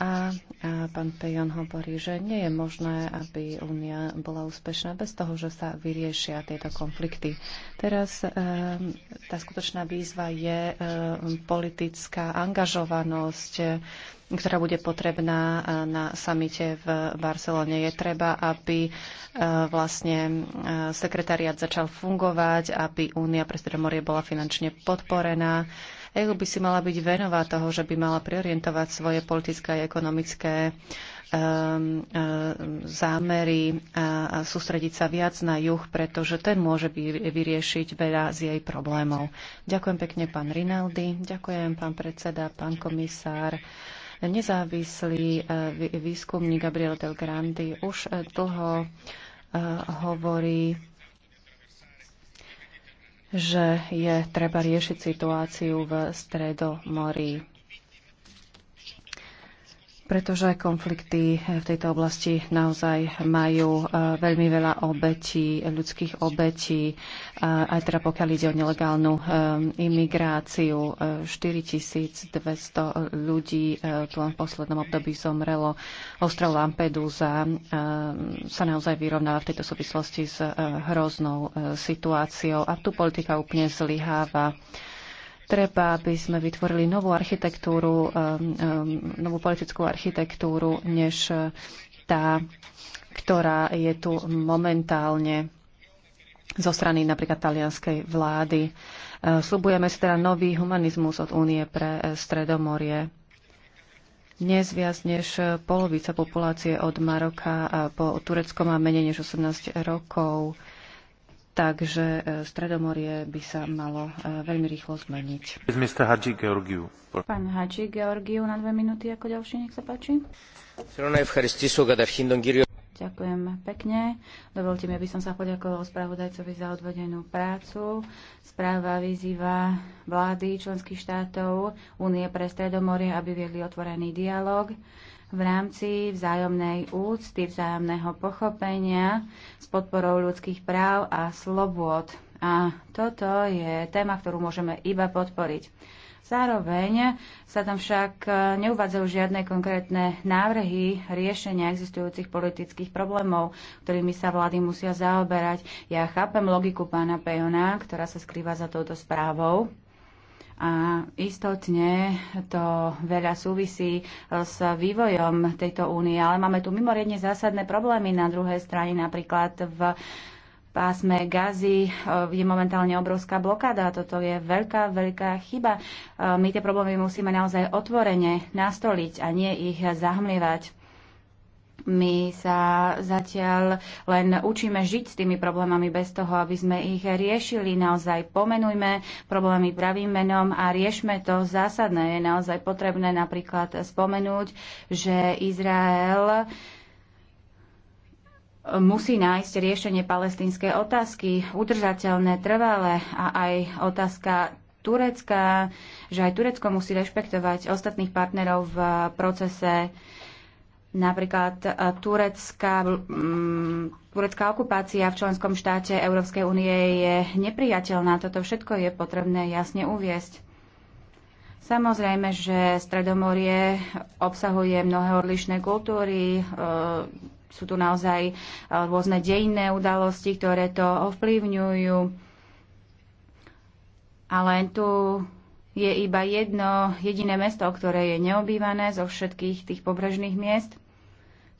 a, a pán Pejon hovorí, že nie je možné, aby únia bola úspešná bez toho, že sa vyriešia tieto konflikty. Teraz e, tá skutočná výzva je e, politická angažovanosť, ktorá bude potrebná e, na samite v Barcelone. Je treba, aby e, vlastne e, sekretariat začal fungovať, aby únia pre Stredomorie bola finančne podporená EÚ by si mala byť venová toho, že by mala priorientovať svoje politické a ekonomické ehm, e, zámery a sústrediť sa viac na juh, pretože ten môže vyriešiť veľa z jej problémov. Ďakujem pekne, pán Rinaldi, ďakujem, pán predseda, pán komisár. Nezávislý e, výskumník Gabriel Del Grandi už e, dlho hovorí že je treba riešiť situáciu v Stredomorí pretože konflikty eh, v tejto oblasti naozaj majú eh, veľmi veľa obetí, ľudských obetí, eh, aj teda pokiaľ ide o nelegálnu imigráciu. 4200 ľudí tu tom poslednom období zomrelo. Ostrov Lampedusa sa naozaj vyrovnáva v tejto súvislosti s hroznou situáciou a tu politika úplne zlyháva. Treba, aby sme vytvorili novú architektúru, um, um, novú politickú architektúru, než uh, tá, ktorá je tu momentálne zo strany napríklad talianskej vlády. Uh, slubujeme si teda nový humanizmus od Únie pre uh, Stredomorie. Dnes viac než polovica populácie od Maroka po Turecko má menej než 18 rokov. Takže e, Stredomorie by sa malo e, veľmi rýchlo zmeniť. Pán Hadži Georgiu na dve minúty ako ďalší, nech sa páči. Ďakujem pekne. Dovolte mi, aby som sa poďakoval spravodajcovi za odvedenú prácu. Správa vyzýva vlády členských štátov Únie pre Stredomorie, aby viedli otvorený dialog v rámci vzájomnej úcty, vzájomného pochopenia s podporou ľudských práv a slobôd. A toto je téma, ktorú môžeme iba podporiť. Zároveň sa tam však neuvádzajú žiadne konkrétne návrhy riešenia existujúcich politických problémov, ktorými sa vlády musia zaoberať. Ja chápem logiku pána Pejona, ktorá sa skrýva za touto správou. A istotne to veľa súvisí e, s vývojom tejto únie, ale máme tu mimoriadne zásadné problémy na druhej strane, napríklad v pásme Gazy e, je momentálne obrovská blokáda. Toto je veľká, veľká chyba. E, my tie problémy musíme naozaj otvorene nastoliť a nie ich zahmlievať. My sa zatiaľ len učíme žiť s tými problémami bez toho, aby sme ich riešili. Naozaj pomenujme problémy pravým menom a riešme to zásadné. Je naozaj potrebné napríklad spomenúť, že Izrael musí nájsť riešenie palestinskej otázky, udržateľné, trvalé a aj otázka Turecka, že aj Turecko musí rešpektovať ostatných partnerov v procese napríklad e, turecká, turecká okupácia v členskom štáte Európskej únie je nepriateľná. Toto všetko je potrebné jasne uviesť. Samozrejme, že Stredomorie obsahuje mnohé odlišné kultúry, e, sú tu naozaj e, rôzne dejinné udalosti, ktoré to ovplyvňujú. Ale tu je iba jedno jediné mesto, ktoré je neobývané zo všetkých tých pobrežných miest.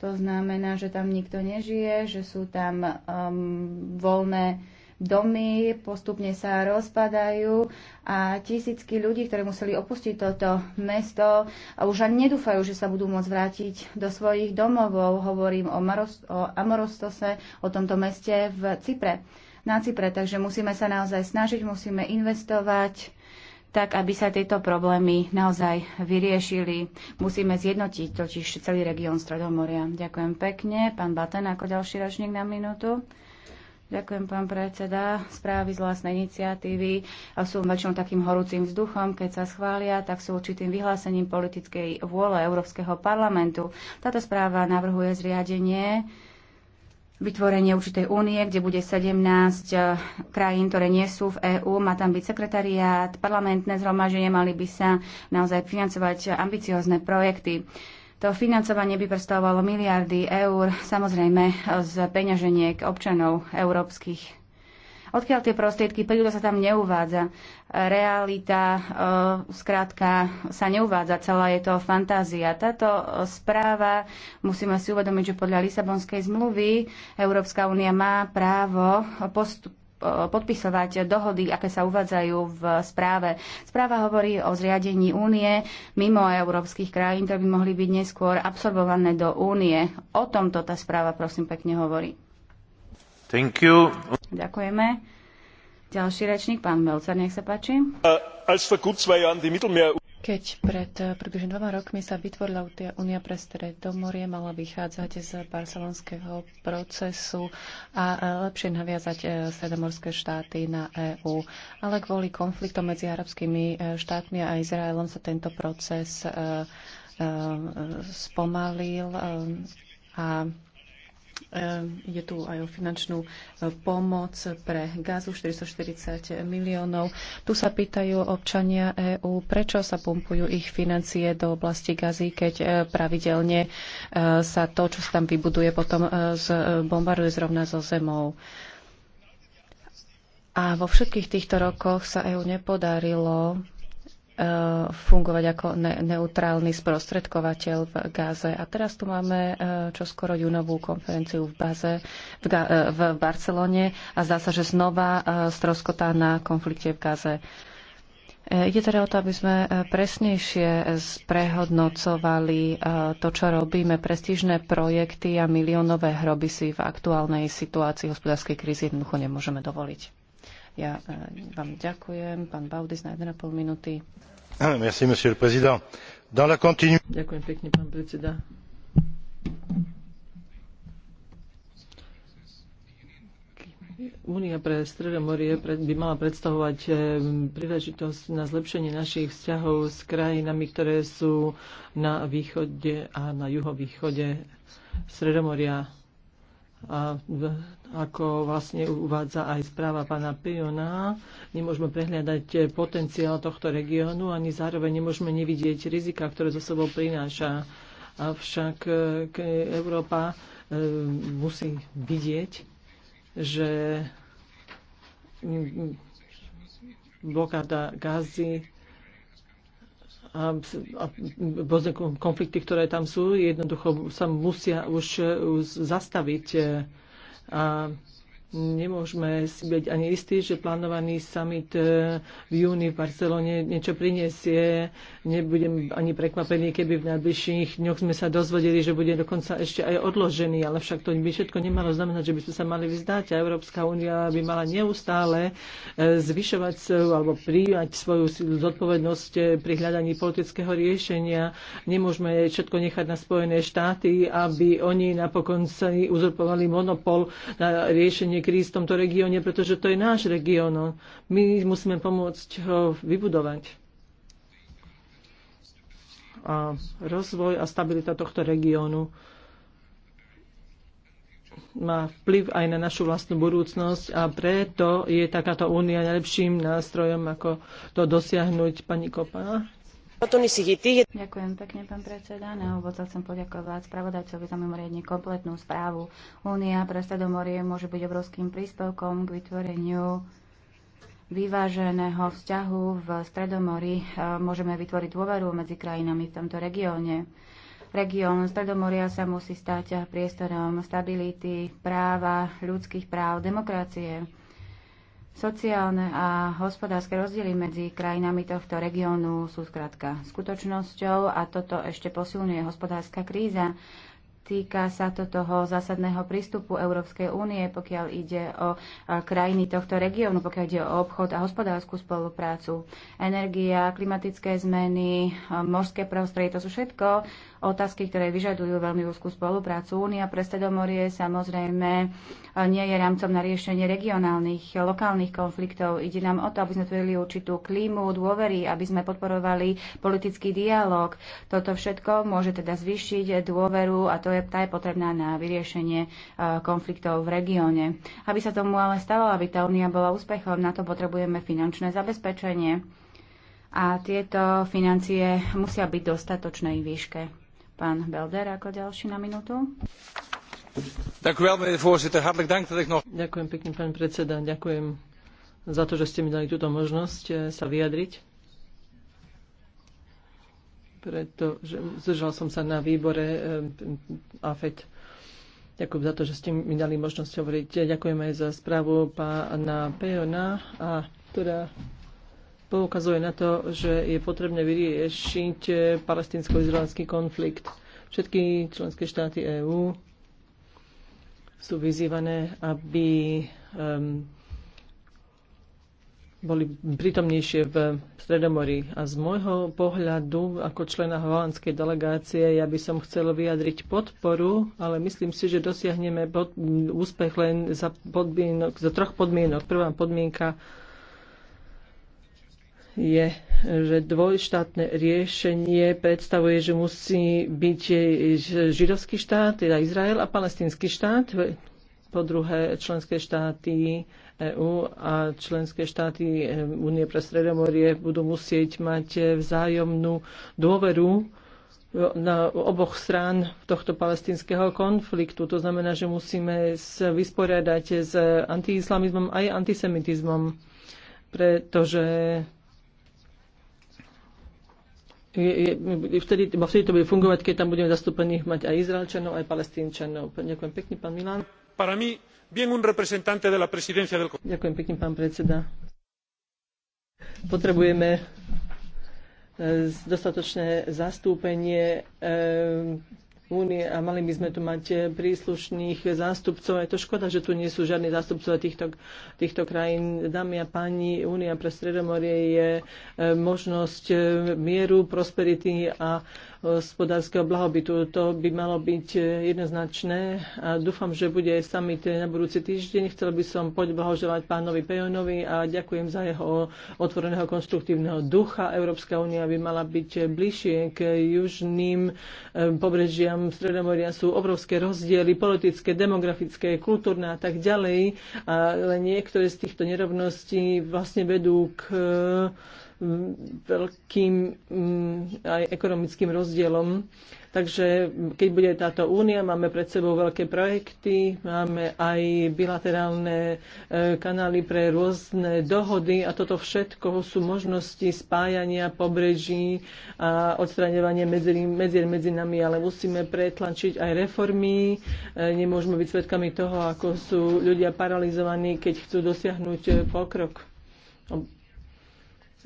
To znamená, že tam nikto nežije, že sú tam um, voľné domy, postupne sa rozpadajú a tisícky ľudí, ktorí museli opustiť toto mesto, už ani nedúfajú, že sa budú môcť vrátiť do svojich domovov. Hovorím o, Maros- o Amorostose, o tomto meste v Cypre, na Cypre. Takže musíme sa naozaj snažiť, musíme investovať tak aby sa tieto problémy naozaj vyriešili. Musíme zjednotiť totiž celý región Stredomoria. Ďakujem pekne. Pán Baten ako ďalší ročník na minútu. Ďakujem, pán predseda. Správy z vlastnej iniciatívy sú väčšinou takým horúcim vzduchom, keď sa schvália, tak sú určitým vyhlásením politickej vôle Európskeho parlamentu. Táto správa navrhuje zriadenie vytvorenie určitej únie, kde bude 17 eh, krajín, ktoré nie sú v EÚ. Má tam byť sekretariát, parlamentné zhromaženie, mali by sa naozaj financovať ambiciozne projekty. To financovanie by predstavovalo miliardy eur, samozrejme z peňaženiek občanov európskych Odkiaľ tie prostriedky prídu, to sa tam neuvádza. Realita zkrátka e, sa neuvádza, celá je to fantázia. Táto e, správa, musíme si uvedomiť, že podľa Lisabonskej zmluvy Európska únia má právo postup, e, podpisovať dohody, aké sa uvádzajú v správe. Správa hovorí o zriadení únie mimo európskych krajín, ktoré by mohli byť neskôr absorbované do únie. O tomto tá správa, prosím, pekne hovorí. Thank you. Ďakujeme. Ďalší rečník, pán Melcer, nech sa páči. Keď pred eh, približne dvoma rokmi sa vytvorila Únia pre stredomorie, mala vychádzať z barcelonského procesu a eh, lepšie naviazať eh, stredomorské štáty na EÚ. Ale kvôli konfliktom medzi arabskými štátmi a Izraelom sa tento proces spomalil a je ehm, tu aj o finančnú e, pomoc pre gazu 440 miliónov. Tu sa pýtajú občania EÚ, prečo sa pumpujú ich financie do oblasti gazy, keď e, pravidelne e, sa to, čo sa tam vybuduje, potom bombarduje zrovna so zemou. A vo všetkých týchto rokoch sa EÚ nepodarilo E, fungovať ako ne- neutrálny sprostredkovateľ v Gáze. A teraz tu máme e, čoskoro junovú konferenciu v, Baze, v, Ga- e, v Barcelone a zdá sa, že znova stroskotá na konflikte v Gaze. Ide teda o to, aby sme presnejšie prehodnocovali to, čo robíme, prestížne projekty a miliónové hroby si v aktuálnej situácii hospodárskej krízy jednoducho nemôžeme dovoliť. Ja eh, vám ďakujem. Pán Baudis na 1,5 minúty. Ah, merci, monsieur le président. Dans la continu... Ďakujem pekne, pán predseda. Únia pre Stredomorie by mala predstavovať eh, príležitosť na zlepšenie našich vzťahov s krajinami, ktoré sú na východe a na juhovýchode Stredomoria a ako vlastne uvádza aj správa pána Piona, nemôžeme prehľadať eh, potenciál tohto regiónu, ani zároveň nemôžeme nevidieť rizika, ktoré zo sebou prináša. Avšak eh, Európa eh, musí vidieť, že blokáda Gazy a, a rôzne konflikty, ktoré tam sú, jednoducho sa musia už e, zastaviť. E, a nemôžeme si byť ani istí, že plánovaný summit e, v júni v Barcelone niečo prinesie. Nebudem ani prekvapený, keby v najbližších dňoch sme sa dozvedeli, že bude dokonca ešte aj odložený, ale však to by všetko nemalo znamenať, že by sme sa mali vyzdať a Európska únia by mala neustále e, zvyšovať svoju alebo prijať svoju zodpovednosť e, pri hľadaní politického riešenia. Nemôžeme všetko nechať na Spojené štáty, aby oni napokon sa uzurpovali monopol na riešenie kríz v tomto regióne, pretože to je náš región. No. My musíme pomôcť ho vybudovať. A rozvoj a stabilita tohto regiónu má vplyv aj na našu vlastnú budúcnosť a preto je takáto únia najlepším nástrojom, ako to dosiahnuť. Pani Kopa, Ďakujem pekne, pán predseda. Na úvod sa chcem poďakovať spravodajcovi za mimoriadne kompletnú správu. Únia pre Stredomorie môže byť obrovským príspevkom k vytvoreniu vyváženého vzťahu v Stredomori. E, môžeme vytvoriť dôveru medzi krajinami v tomto regióne. Región Stredomoria sa musí stať priestorom stability, práva, ľudských práv, demokracie Sociálne a hospodárske rozdiely medzi krajinami tohto regiónu sú skrátka skutočnosťou a toto ešte posilňuje hospodárska kríza. Týka sa to toho zásadného prístupu Európskej únie, pokiaľ ide o krajiny tohto regiónu, pokiaľ ide o obchod a hospodárskú spoluprácu. Energia, klimatické zmeny, morské prostredie, to sú všetko otázky, ktoré vyžadujú veľmi úzkú spoluprácu. Únia pre Stredomorie samozrejme nie je rámcom na riešenie regionálnych, lokálnych konfliktov. Ide nám o to, aby sme tvorili určitú klímu dôvery, aby sme podporovali politický dialog. Toto všetko môže teda zvýšiť dôveru a to to je, tá je potrebná na vyriešenie e, konfliktov v regióne. Aby sa tomu ale stalo, aby tá únia bola úspechom, na to potrebujeme finančné zabezpečenie. A tieto financie musia byť dostatočnej výške. Pán Belder ako ďalší na minútu. Ďakujem pekne, pán predseda. Ďakujem za to, že ste mi dali túto možnosť e, sa vyjadriť pretože zdržal som sa na výbore eh, AFET. Ďakujem za to, že ste mi dali možnosť hovoriť. Ďakujem aj za správu pána Pejona, a, ktorá poukazuje na to, že je potrebné vyriešiť eh, palestinsko-izraelský konflikt. Všetky členské štáty EÚ sú vyzývané, aby um, boli prítomnejšie v Stredomorí. A z môjho pohľadu ako člena holandskej delegácie ja by som chcel vyjadriť podporu, ale myslím si, že dosiahneme pod, úspech len za, podmienok, za troch podmienok. Prvá podmienka je, že dvojštátne riešenie predstavuje, že musí byť židovský štát, teda Izrael a palestínsky štát, po druhé, členské štáty EÚ a členské štáty Únie pre Stredomorie budú musieť mať vzájomnú dôveru na oboch strán tohto palestinského konfliktu. To znamená, že musíme sa vysporiadať s antiislamizmom aj antisemitizmom, pretože je, je, vtedy, vtedy to bude fungovať, keď tam budeme zastúpených mať aj Izraelčanov, aj Palestínčanov. Ďakujem pekne, pán Milan para mí bien un representante de la presidencia del consejo. Ďakujem pekne, pán predseda. Potrebujeme eh, dostatočné zastúpenie eh, únie a mali by sme tu mať eh, príslušných zástupcov. Je to škoda, že tu nie sú žiadni zástupcovia týchto, krajín. Dámy a páni, únia pre Stredomorie je možnosť mieru, prosperity a hospodárskeho blahobytu. To by malo byť e, jednoznačné a dúfam, že bude summit na budúci týždeň. Chcel by som poďblahoželať pánovi Pejonovi a ďakujem za jeho otvoreného konstruktívneho ducha. Európska únia by mala byť bližšie k južným e, pobrežiam Stredomoria. Sú obrovské rozdiely politické, demografické, kultúrne a tak ďalej, ale niektoré z týchto nerovností vlastne vedú k veľkým aj ekonomickým rozdielom. Takže keď bude táto únia, máme pred sebou veľké projekty, máme aj bilaterálne e, kanály pre rôzne dohody a toto všetko sú možnosti spájania pobreží a odstraňovania medzi, medzi, medzi nami, ale musíme pretlačiť aj reformy. E, nemôžeme byť svedkami toho, ako sú ľudia paralizovaní, keď chcú dosiahnuť e, pokrok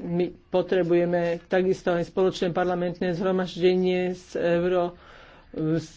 my potrebujeme takisto aj spoločné parlamentné zhromaždenie z Euro z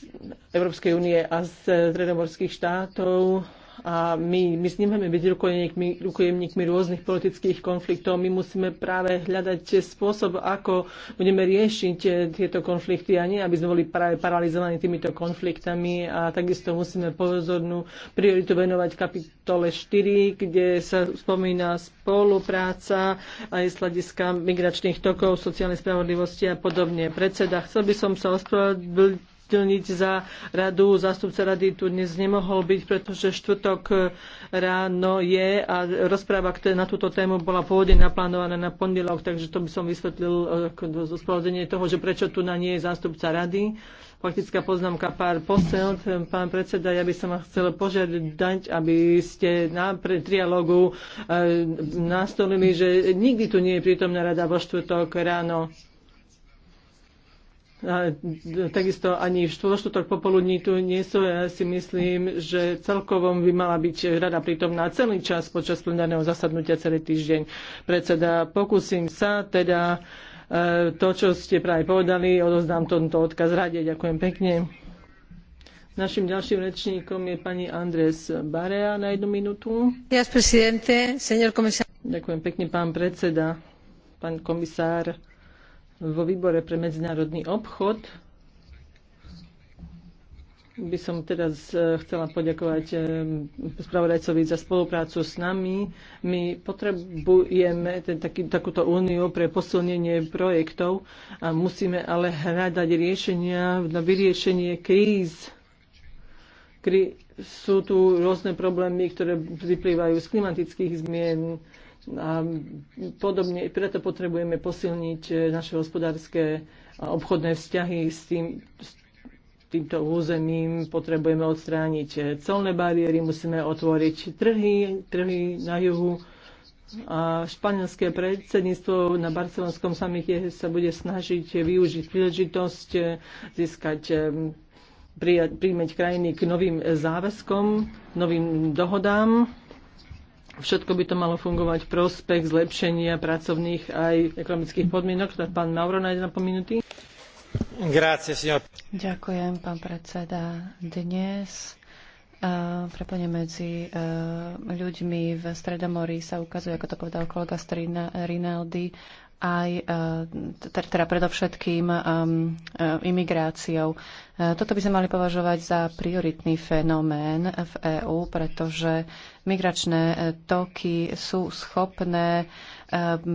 Európskej únie a z stredomorských štátov a my, my máme byť rukojemníkmi, rukojemníkmi rôznych politických konfliktov. My musíme práve hľadať spôsob, ako budeme riešiť tieto konflikty a nie, aby sme boli práve paralizovaní týmito konfliktami. A takisto musíme pozornú prioritu venovať kapitole 4, kde sa spomína spolupráca aj z hľadiska migračných tokov, sociálnej spravodlivosti a podobne. Predseda, chcel by som sa ospravedlniť zastúpiť za radu. Zástupca rady tu dnes nemohol byť, pretože štvrtok ráno je a rozpráva na túto tému bola pôvodne naplánovaná na pondelok, takže to by som vysvetlil e, zospravedlenie toho, že prečo tu na nie je zástupca rady. Faktická poznámka pár posel. Pán predseda, ja by som vás chcel požiadať, aby ste na pre trialógu e, nastolili, že nikdy tu nie je prítomná rada vo štvrtok ráno. A takisto ani v štvrtok popoludní tu nie sú. Ja si myslím, že celkovom by mala byť rada prítomná celý čas počas plenárneho zasadnutia celý týždeň. Predseda, pokúsim sa teda e, to, čo ste práve povedali, odozdám tento odkaz rade. Ďakujem pekne. Našim ďalším rečníkom je pani Andres Barea na jednu minútu. Ďakujem pekne, pán predseda, pán komisár vo výbore pre medzinárodný obchod by som teraz e, chcela poďakovať e, spravodajcovi za spoluprácu s nami. My potrebujeme ten, taký, takúto úniu pre posilnenie projektov a musíme ale hľadať riešenia na vyriešenie kríz. Kri- sú tu rôzne problémy, ktoré vyplývajú z klimatických zmien, a podobne. Preto potrebujeme posilniť e, naše hospodárske a obchodné vzťahy s, tým, s týmto územím. Potrebujeme odstrániť e, colné bariéry, musíme otvoriť trhy, trhy na juhu. A španielské predsedníctvo na barcelonskom samite sa bude snažiť využiť príležitosť e, získať príjmeť krajiny k novým záväzkom, novým dohodám všetko by to malo fungovať v prospech zlepšenia pracovných aj ekonomických podmienok. Pán Mauro, nájde na pominutý. Grazie, signor. Ďakujem, pán predseda. Dnes e, prepojenie medzi e, ľuďmi v Stredomorí sa ukazuje, ako to povedal kolega Rinaldi, aj e, teda predovšetkým e, e, imigráciou. Toto by sme mali považovať za prioritný fenomén v EÚ, pretože migračné toky sú schopné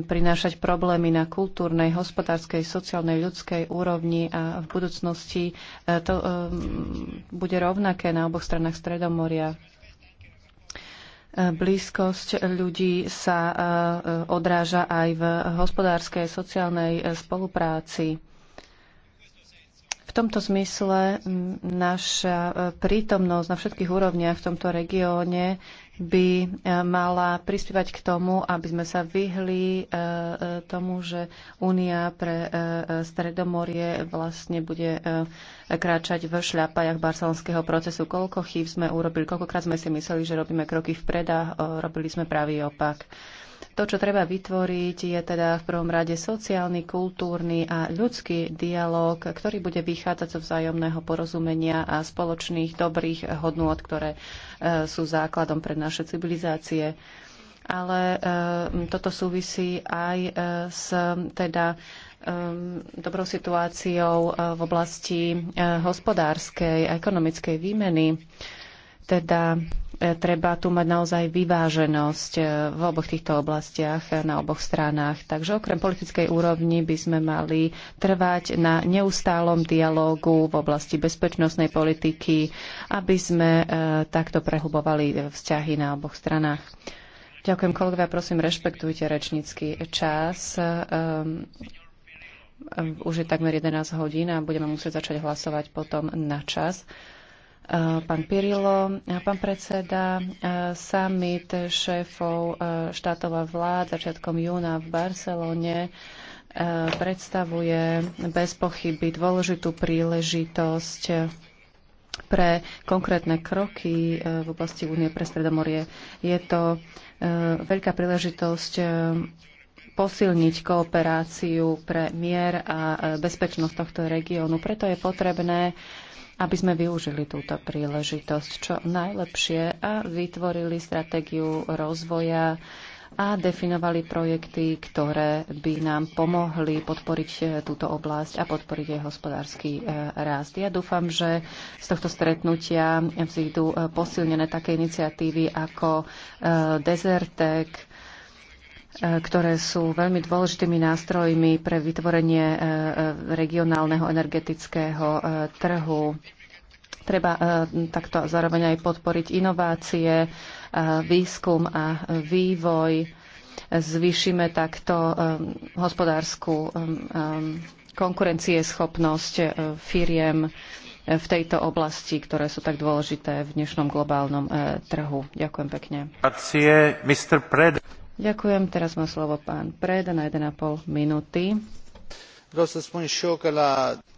prinášať problémy na kultúrnej, hospodárskej, sociálnej, ľudskej úrovni a v budúcnosti to bude rovnaké na oboch stranách Stredomoria. Blízkosť ľudí sa eh, odráža aj v hospodárskej, sociálnej eh, spolupráci. V tomto zmysle naša e, prítomnosť na všetkých úrovniach v tomto regióne by e, mala prispievať k tomu, aby sme sa vyhli e, tomu, že Únia pre Stredomorie vlastne bude kráčať v šľapajach barcelonského procesu. Koľko chýb sme urobili, koľkokrát sme si mysleli, že robíme kroky vpred a robili sme pravý opak. To, čo treba vytvoriť, je teda v prvom rade sociálny, kultúrny a ľudský dialog, ktorý bude vychádzať zo vzájomného porozumenia a spoločných dobrých hodnôt, ktoré e, sú základom pre naše civilizácie ale e, toto súvisí aj e, s teda dobrou situáciou v oblasti hospodárskej a ekonomickej výmeny. Teda E, treba tu mať naozaj vyváženosť e, v oboch týchto oblastiach e, na oboch stranách. Takže okrem politickej úrovni by sme mali trvať na neustálom dialógu v oblasti bezpečnostnej politiky, aby sme takto prehubovali vzťahy na oboch stranách. Ďakujem kolegovia, prosím, rešpektujte rečnícky čas. Už je takmer 11 hodín a budeme musieť začať hlasovať potom na čas. Eh, pán Pirilo, eh, pán predseda, eh, summit šéfov štátov a vlád začiatkom júna v Barcelone predstavuje bez pochyby dôležitú príležitosť pre konkrétne kroky v oblasti únie pre Stredomorie. Je to veľká príležitosť posilniť kooperáciu pre mier a bezpečnosť tohto regiónu. Preto je potrebné aby sme využili túto príležitosť čo najlepšie a vytvorili stratégiu rozvoja a definovali projekty, ktoré by nám pomohli podporiť e, túto oblasť a podporiť jej hospodársky e, rast. Ja dúfam, že z tohto stretnutia vzídu e, posilnené také iniciatívy ako Desertec, E, ktoré sú veľmi dôležitými nástrojmi pre vytvorenie e, e, regionálneho energetického trhu. Treba takto zároveň aj podporiť inovácie, výskum a vývoj. Zvýšime takto hospodárskú konkurencieschopnosť firiem v tejto oblasti, ktoré sú tak dôležité v dnešnom globálnom trhu. Ďakujem pekne. Ďakujem. Teraz má slovo pán Preda na 1,5 minúty.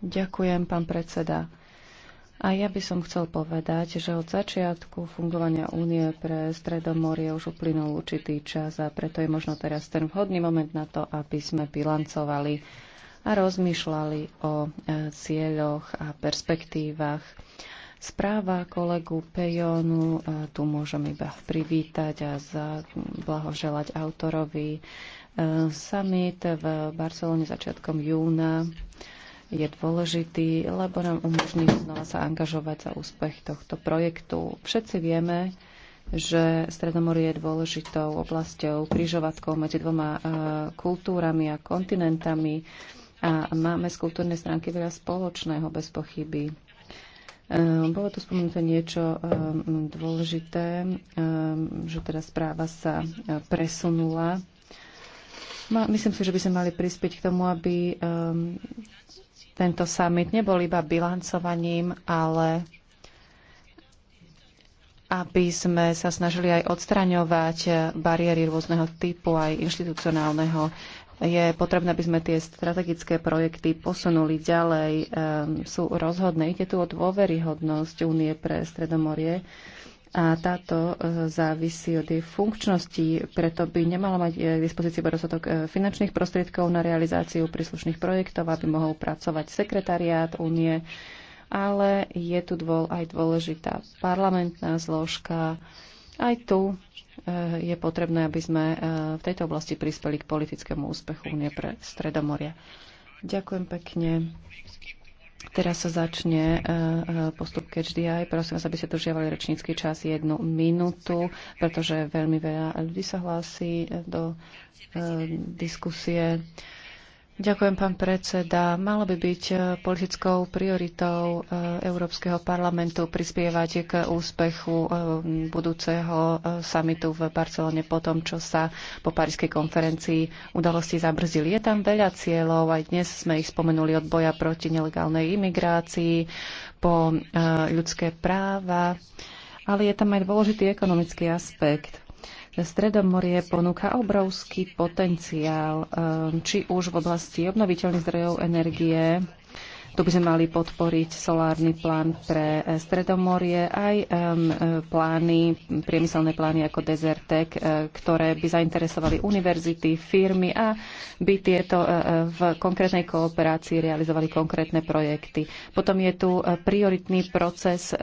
Ďakujem, pán predseda. A ja by som chcel povedať, že od začiatku fungovania únie pre Stredomorie už uplynul určitý čas a preto je možno teraz ten vhodný moment na to, aby sme bilancovali a rozmýšľali o e, cieľoch a perspektívach. Správa kolegu Pejonu tu môžem iba privítať a blahoželať autorovi. E, summit v Barcelone začiatkom júna je dôležitý, lebo nám umožní znova sa angažovať za úspech tohto projektu. Všetci vieme, že Stredomorie je dôležitou oblasťou, križovatkou medzi dvoma e, kultúrami a kontinentami a máme z kultúrnej stránky veľa spoločného bez pochyby. Ehm, bolo tu spomenuté niečo ehm, dôležité, ehm, že teda správa sa e, presunula. Myslím si, že by sme mali prispieť k tomu, aby tento summit nebol iba bilancovaním, ale aby sme sa snažili aj odstraňovať bariéry rôzneho typu, aj inštitucionálneho je potrebné, aby sme tie strategické projekty posunuli ďalej. Ehm, sú rozhodné. Ide tu o dôveryhodnosť Únie pre Stredomorie a táto eh, závisí od jej funkčnosti, preto by nemala mať eh, k dispozícii dostatok eh, finančných prostriedkov na realizáciu príslušných projektov, aby mohol pracovať sekretariát únie, ale je tu dôl aj dôležitá parlamentná zložka. Aj tu je potrebné, aby sme e, v tejto oblasti prispeli k politickému úspechu Únie pre Stredomoria. Ďakujem pekne. Teraz sa začne e, e, postup HDI. Prosím vás, aby ste držiavali rečnícky čas jednu minútu, pretože veľmi veľa ľudí sa hlási do diskusie. Ďakujem, pán predseda. Malo by byť e, politickou prioritou e, Európskeho parlamentu prispievať k úspechu e, budúceho samitu v Barcelone po tom, čo sa po parískej konferencii udalosti zabrzili. Je tam veľa cieľov, aj dnes sme ich spomenuli od boja proti nelegálnej imigrácii po ľudské práva, ale je tam aj dôležitý ekonomický aspekt Stredomorie ponúka obrovský potenciál, ehm, či už v oblasti obnoviteľných zdrojov energie, tu by sme mali podporiť solárny plán pre eh, Stredomorie, aj eh, plány, priemyselné plány ako Desertec, eh, ktoré by zainteresovali univerzity, firmy a by tieto v konkrétnej kooperácii realizovali konkrétne projekty. Potom je tu prioritný proces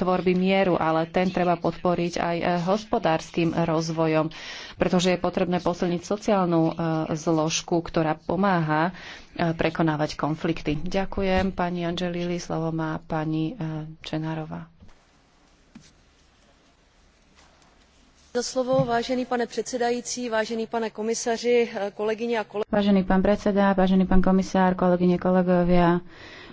tvorby mieru, ale ten treba podporiť aj hospodárským rozvojom, pretože je potrebné posilniť sociálnu zložku, ktorá pomáha E, prekonávať konflikty. Ďakujem pani Angelili, slovo má pani e, Čenárová. Za slovo, vážený pane predsedajúci, vážený pane komisaři, e, kolegyne a kolegovia. Vážený pán predseda, vážený pán komisár, kolegyne, kolegovia.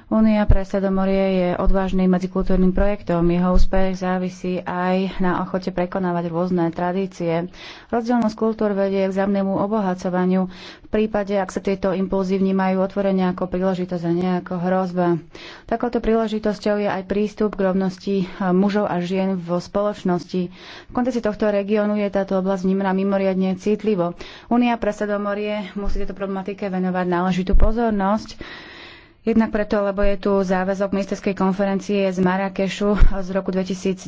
Únia pre Sredomorie je odvážnym medzikultúrnym projektom. Jeho úspech závisí aj na ochote prekonávať rôzne tradície. Rozdielnosť kultúr vedie k zájomnému obohacovaniu v prípade, ak sa tieto impulzy vnímajú otvorene ako príležitosť a nie ako hrozba. Takouto príležitosťou je aj prístup k rovnosti eh, mužov a žien vo spoločnosti. V kontexte tohto regiónu je táto oblasť vnímaná mimoriadne citlivo. Únia pre Sredomorie musí tejto problematike venovať náležitú pozornosť Jednak preto, lebo je tu záväzok ministerskej konferencie z Marrakešu z roku 2009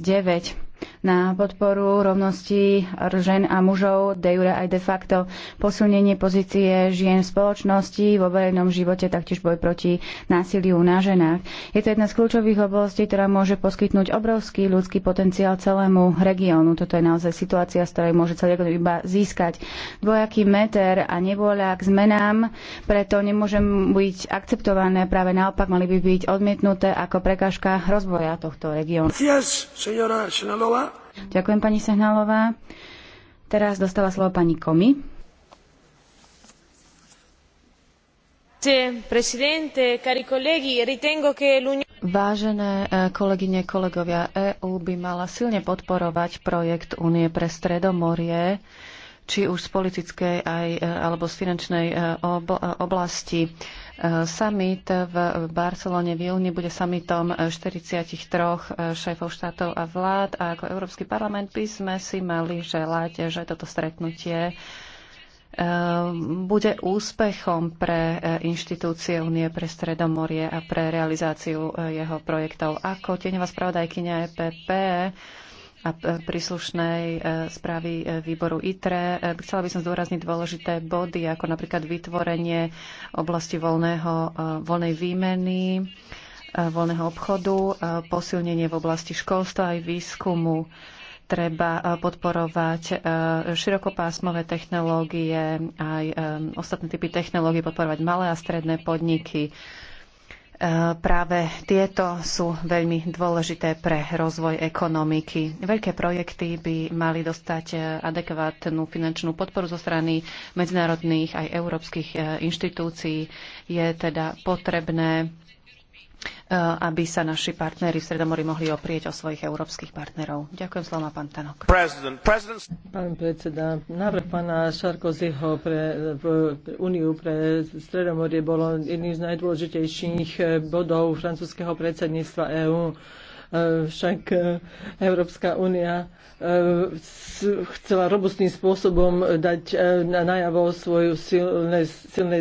na podporu rovnosti žen a mužov, de jure aj de facto posilnenie pozície žien v spoločnosti, vo verejnom živote, taktiež boj proti násiliu na ženách. Je to jedna z kľúčových oblastí, ktorá môže poskytnúť obrovský ľudský potenciál celému regiónu. Toto je naozaj situácia, z ktorej môže celý iba získať dvojaký meter a nevôľa k zmenám, preto nemôžem byť akceptované, práve naopak mali by byť odmietnuté ako prekážka rozvoja tohto regiónu. Yes, Sehnalová. Ďakujem pani Sehnalová. Teraz dostala slovo pani Komi. Vážené eh, kolegyne, kolegovia, EÚ by mala silne podporovať projekt Únie pre Stredomorie, či už z politickej aj, eh, alebo z finančnej eh, oblasti Eh, summit v Barcelone v júni bude summitom 43 eh, eh, šéfov štátov a vlád a ako Európsky parlament by sme si mali želať, že toto stretnutie bude úspechom pre inštitúcie Unie pre Stredomorie a pre realizáciu jeho projektov. Ako tieňová spravodajkynia EPP a príslušnej e, správy e, výboru ITRE. E, chcela by som zdôrazniť dôležité body, ako napríklad vytvorenie oblasti voľného, voľnej výmeny, voľného obchodu, posilnenie v oblasti školstva aj výskumu. Treba podporovať širokopásmové technológie, aj ostatné typy technológie podporovať malé a stredné podniky Práve tieto sú veľmi dôležité pre rozvoj ekonomiky. Veľké projekty by mali dostať eh, adekvátnu finančnú podporu zo strany medzinárodných aj európskych eh, inštitúcií. Je teda potrebné E, aby sa naši partnery v Stredomori mohli oprieť o svojich európskych partnerov. Ďakujem slova, pán Tanok. President, Pán predseda, návrh pána Sarkozyho pre, pre pre, pre Stredomorie bolo jedným z najdôležitejších bodov francúzského predsedníctva EÚ. E, však e, Európska únia e, chcela robustným spôsobom dať najavo svoju silné, silné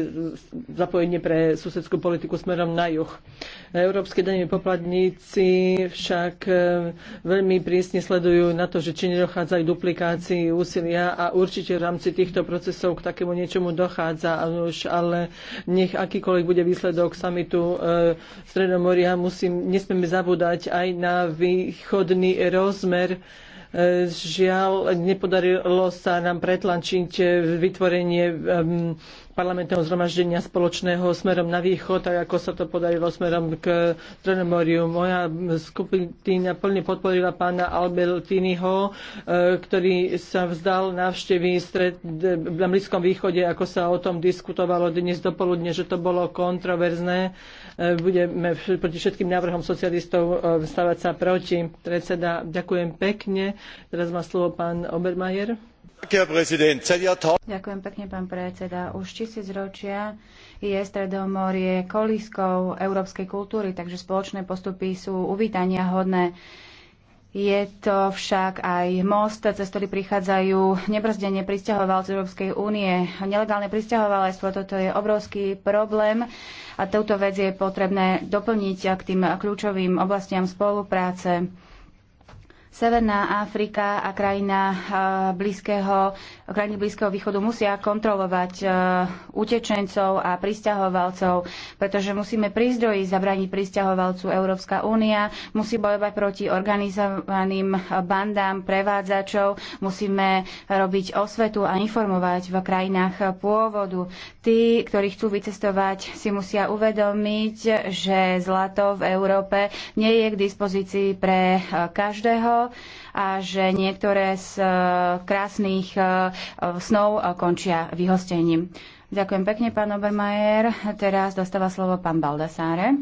zapojenie pre susedskú politiku smerom na juh. Európske daní poplatníci však veľmi prísne sledujú na to, že či nedochádza k duplikácii úsilia a určite v rámci týchto procesov k takému niečomu dochádza, už, ale nech akýkoľvek bude výsledok samitu Stredomoria, musím, nesmieme zabúdať aj na východný rozmer. Žiaľ, nepodarilo sa nám pretlačiť vytvorenie parlamentného zhromaždenia spoločného smerom na východ, tak ako sa to podarilo smerom k Stredomoriu. Moja skupina plne podporila pána Albertiniho, e, ktorý sa vzdal návštevy na Blízkom východe, ako sa o tom diskutovalo dnes dopoludne, že to bolo kontroverzné budeme proti všetkým návrhom socialistov e, stavať sa proti. Predseda, ďakujem pekne. Teraz má slovo pán Obermajer. Ďakujem pekne, pán predseda. Už ročia je Stredomorie kolískou európskej kultúry, takže spoločné postupy sú uvítania hodné. Je to však aj most, cez ktorý prichádzajú nebrzdenie pristahovalcov Európskej únie. Nelegálne pristahovalectvo, toto je obrovský problém a touto vec je potrebné doplniť k tým kľúčovým oblastiam spolupráce. Severná Afrika a krajina eh, blízkeho, krajiny Blízkeho východu musia kontrolovať eh, utečencov a pristahovalcov, pretože musíme pri zdroji zabraniť pristahovalcu Európska únia, musí bojovať proti organizovaným eh, bandám, prevádzačov, musíme robiť osvetu a informovať v krajinách pôvodu. Tí, ktorí chcú vycestovať, si musia uvedomiť, že zlato v Európe nie je k dispozícii pre každého, a že niektoré z e, krásnych e, snov e, končia vyhostením. Ďakujem pekne, pán Obermajer. Teraz dostáva slovo pán Baldassare.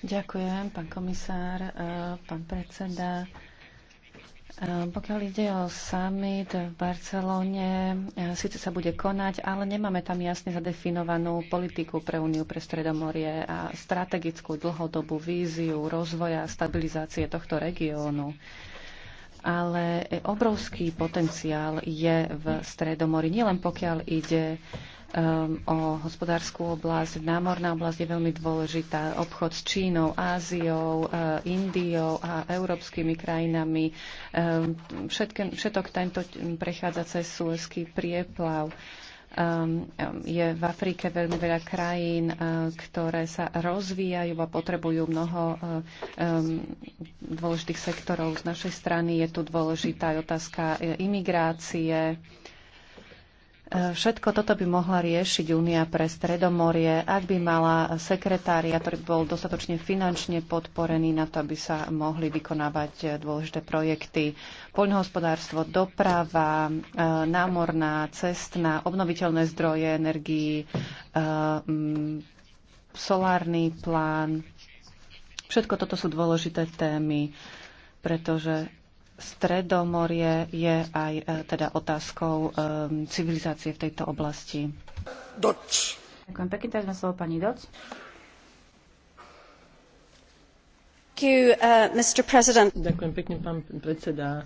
Ďakujem, pán komisár, pán predseda. Ehm, pokiaľ ide o summit v Barcelone, ehm, síce sa bude konať, ale nemáme tam jasne zadefinovanú politiku pre Úniu pre Stredomorie a strategickú dlhodobú víziu rozvoja a stabilizácie tohto regiónu. Ale obrovský potenciál je v Stredomori, nielen pokiaľ ide Ehm, o hospodárskú oblasť. Námorná oblasť je veľmi dôležitá. Obchod s Čínou, Áziou, e, Indiou a európskymi krajinami. Ehm, všetky, všetok tento prechádza cez Suezký prieplav. Ehm, je v Afrike veľmi veľa krajín, e, ktoré sa rozvíjajú a potrebujú mnoho e, dôležitých sektorov. Z našej strany je tu dôležitá aj otázka imigrácie, E, všetko toto by mohla riešiť Únia pre Stredomorie, ak by mala sekretária, ktorý bol dostatočne finančne podporený na to, aby sa mohli vykonávať e, dôležité projekty. Poľnohospodárstvo, doprava, e, námorná, cestná, obnoviteľné zdroje energii, solárny plán. Všetko toto sú dôležité témy, pretože Stredomorie je aj e, teda otázkou e, civilizácie v tejto oblasti. Doc. Ďakujem pekne, teraz má slovo pani Doc. Uh, Ďakujem pekne, pán predseda.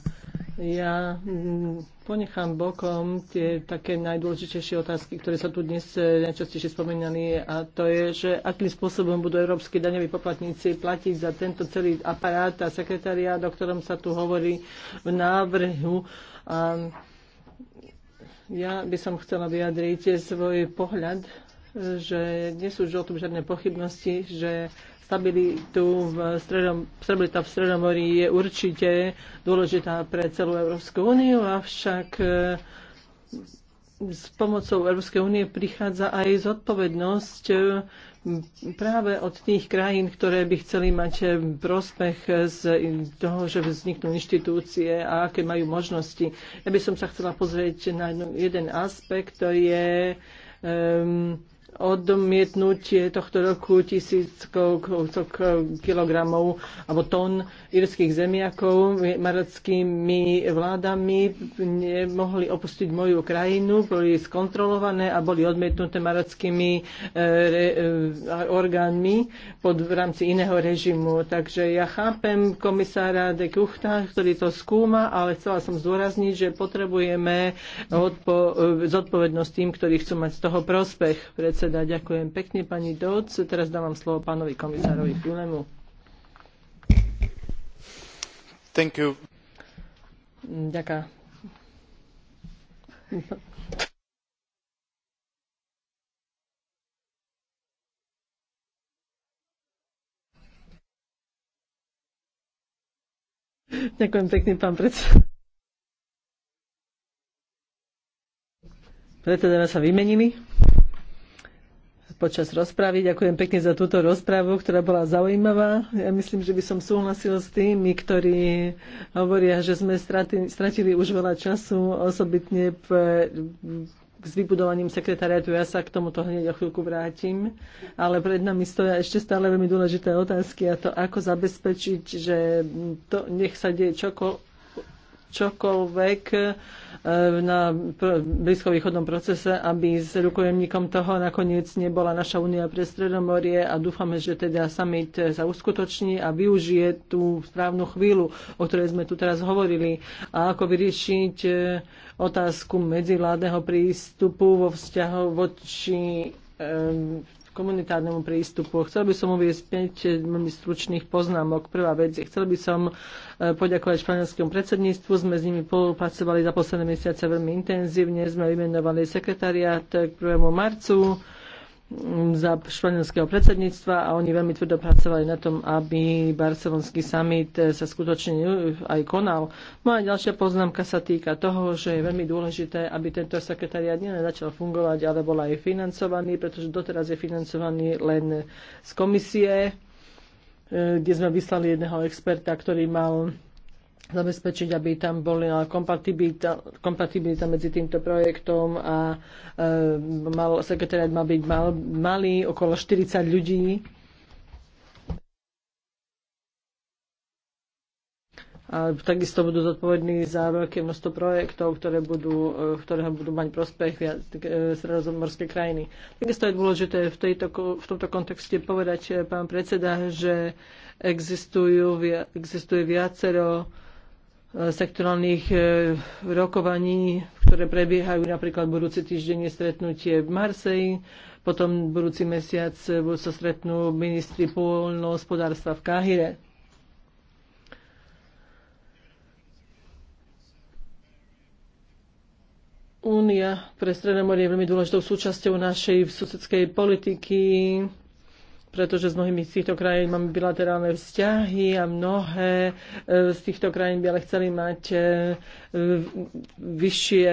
Ja mm, ponechám bokom tie také najdôležitejšie otázky, ktoré sa tu dnes e, najčastejšie spomínali a to je, že akým spôsobom budú európsky daňoví poplatníci platiť za tento celý aparát a sekretariát, o ktorom sa tu hovorí v návrhu. A ja by som chcela vyjadriť svoj pohľad, e, že nie sú už o tom žiadne pochybnosti, že stabilitu v stredom, stabilita v Stredomorí je určite dôležitá pre celú Európsku úniu, avšak e, s pomocou Európskej únie prichádza aj zodpovednosť e, práve od tých krajín, ktoré by chceli mať prospech z toho, že vzniknú inštitúcie a aké majú možnosti. Ja by som sa chcela pozrieť na jeden aspekt, to je um, odmietnutie tohto roku tisíckov kilogramov alebo tón írskych zemiakov marockými vládami nemohli opustiť moju krajinu, boli skontrolované a boli odmietnuté marockými e, e, orgánmi pod, v rámci iného režimu. Takže ja chápem komisára de Kuchta, ktorý to skúma, ale chcela som zdôrazniť, že potrebujeme e, zodpovednosť tým, ktorí chcú mať z toho prospech. Predsa predseda. Ďakujem pekne, pani Doc. Teraz dávam slovo pánovi komisárovi Filemu. Thank you. Ďaká. Ďakujem pekne, pán predseda. Predseda sa vymenili počas rozpravy. Ďakujem pekne za túto rozpravu, ktorá bola zaujímavá. Ja myslím, že by som súhlasil s tými, ktorí hovoria, že sme stratili už veľa času, osobitne p- s vybudovaním sekretariatu. Ja sa k tomuto hneď o chvíľku vrátim. Ale pred nami stoja ešte stále veľmi dôležité otázky a to, ako zabezpečiť, že to nech sa deje čokoľvek čokoľvek e, na blízkovýchodnom procese, aby s rukojemníkom toho nakoniec nebola naša únia pre Stredomorie a dúfame, že teda summit sa uskutoční a využije tú správnu chvíľu, o ktorej sme tu teraz hovorili a ako vyriešiť e, otázku medzivládneho prístupu vo vzťahu voči e, komunitárnemu prístupu. Chcel by som uvieť 5 stručných poznámok. Prvá vec, chcel by som e, poďakovať španielskému predsedníctvu. Sme s nimi spolupracovali za posledné mesiace veľmi intenzívne. Sme vymenovali sekretariat k 1. marcu za španielského predsedníctva a oni veľmi tvrdo pracovali na tom, aby barcelonský summit eh, sa skutočne eh, aj konal. Moja no ďalšia poznámka sa týka toho, že je veľmi dôležité, aby tento sekretariat nielen začal fungovať, ale bol aj financovaný, pretože doteraz je financovaný len z komisie, eh, kde sme vyslali jedného experta, ktorý mal zabezpečiť, aby tam boli kompatibilita, kompatibilita medzi týmto projektom a e, mal, sekretariat mal byť mal, malý, okolo 40 ľudí. A takisto budú zodpovední za veľké množstvo projektov, ktoré budú, e, ktorého budú mať prospech e, stredozomorské krajiny. Takisto je dôležité v, tejto, v tomto kontexte povedať, e, pán predseda, že existujú, existuje viacero E, sektorálnych e, rokovaní, ktoré prebiehajú napríklad budúci týždeň stretnutie v Marseji, potom budúci mesiac e, sa stretnú ministri poľnohospodárstva v Káhire. Únia pre Stredomorie je veľmi dôležitou súčasťou našej susedskej politiky pretože s mnohými z týchto krajín máme bilaterálne vzťahy a mnohé e, z týchto krajín by ale chceli mať e, vyššie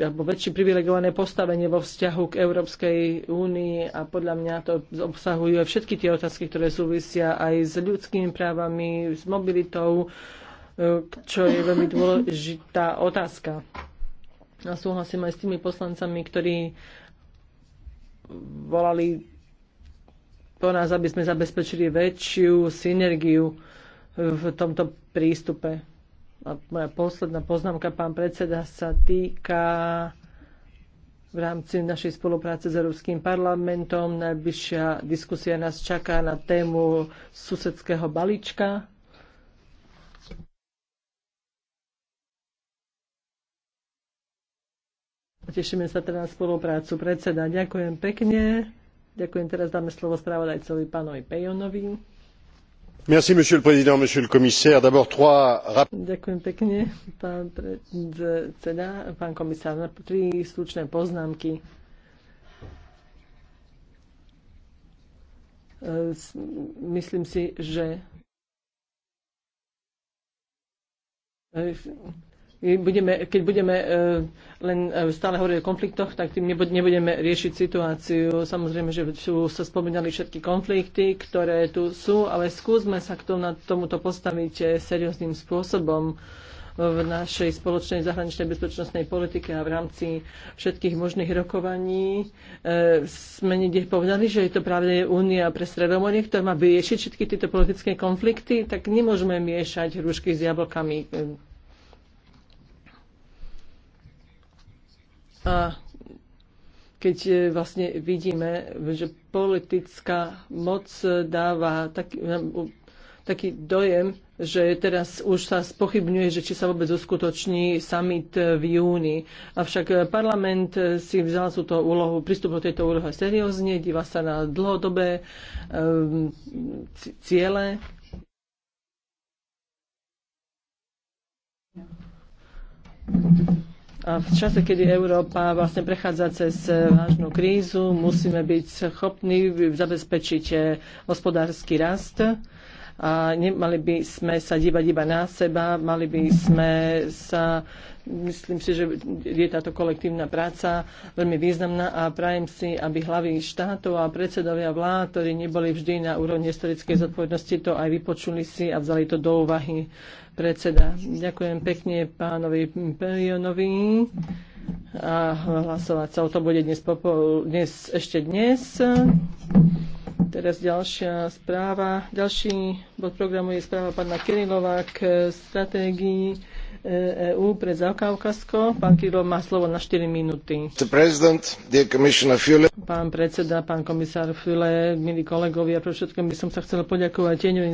alebo väčšie privilegované postavenie vo vzťahu k Európskej únii a podľa mňa to obsahujú aj všetky tie otázky, ktoré súvisia aj s ľudskými právami, s mobilitou, e, čo je veľmi dôležitá otázka. A súhlasím aj s tými poslancami, ktorí volali po nás, aby sme zabezpečili väčšiu synergiu v tomto prístupe. A moja posledná poznámka, pán predseda, sa týka v rámci našej spolupráce s Európskym parlamentom. Najbližšia diskusia nás čaká na tému susedského balíčka. Tešíme sa teda na spoluprácu predseda. Ďakujem pekne. Ďakujem, teraz dáme slovo spravodajcovi pánovi Pejonovi. Merci, monsieur le président, monsieur le commissaire. D'abord trois Ďakujem pekne, pán predseda, pán komisár. Tri stručné poznámky. E, myslím si, že budeme, keď budeme e, len e, stále hovoriť o konfliktoch, tak tým nebudeme riešiť situáciu. Samozrejme, že sú, sa spomínali všetky konflikty, ktoré tu sú, ale skúsme sa k tomu, tomuto postaviť e, serióznym spôsobom v našej spoločnej zahraničnej bezpečnostnej politike a v rámci všetkých možných rokovaní e, sme niekde povedali, že je to práve únia pre Stredomorie, ktorá má riešiť všetky tieto politické konflikty, tak nemôžeme miešať rúšky s jablkami A keď e, vlastne vidíme, že politická moc dáva taký, e, taký dojem, že teraz už sa spochybňuje, že či sa vôbec uskutoční summit v júni. Avšak parlament si vzal túto úlohu, pristúpil tejto úlohe seriózne, díva sa na dlhodobé um, ciele. Thank you. A v čase, kedy Európa vlastne prechádza cez eh, vážnu krízu, musíme byť schopní zabezpečiť eh, hospodársky rast a nemali by sme sa dívať iba na seba, mali by sme sa, myslím si, že je táto kolektívna práca veľmi významná a prajem si, aby hlavy štátov a predsedovia vlád, ktorí neboli vždy na úrovni historickej zodpovednosti, to aj vypočuli si a vzali to do úvahy predseda. Ďakujem pekne pánovi Perionovi a hlasovať sa o to bude dnes, dnes ešte dnes. Teraz ďalšia správa. Ďalší bod programu je správa pána Kirilova k stratégii EÚ e pre Zaukaukasko. Pán Kirilov má slovo na 4 minúty. Pán predseda, pán komisár Fule, milí kolegovia, pre všetkým by som sa chcel poďakovať tieňovým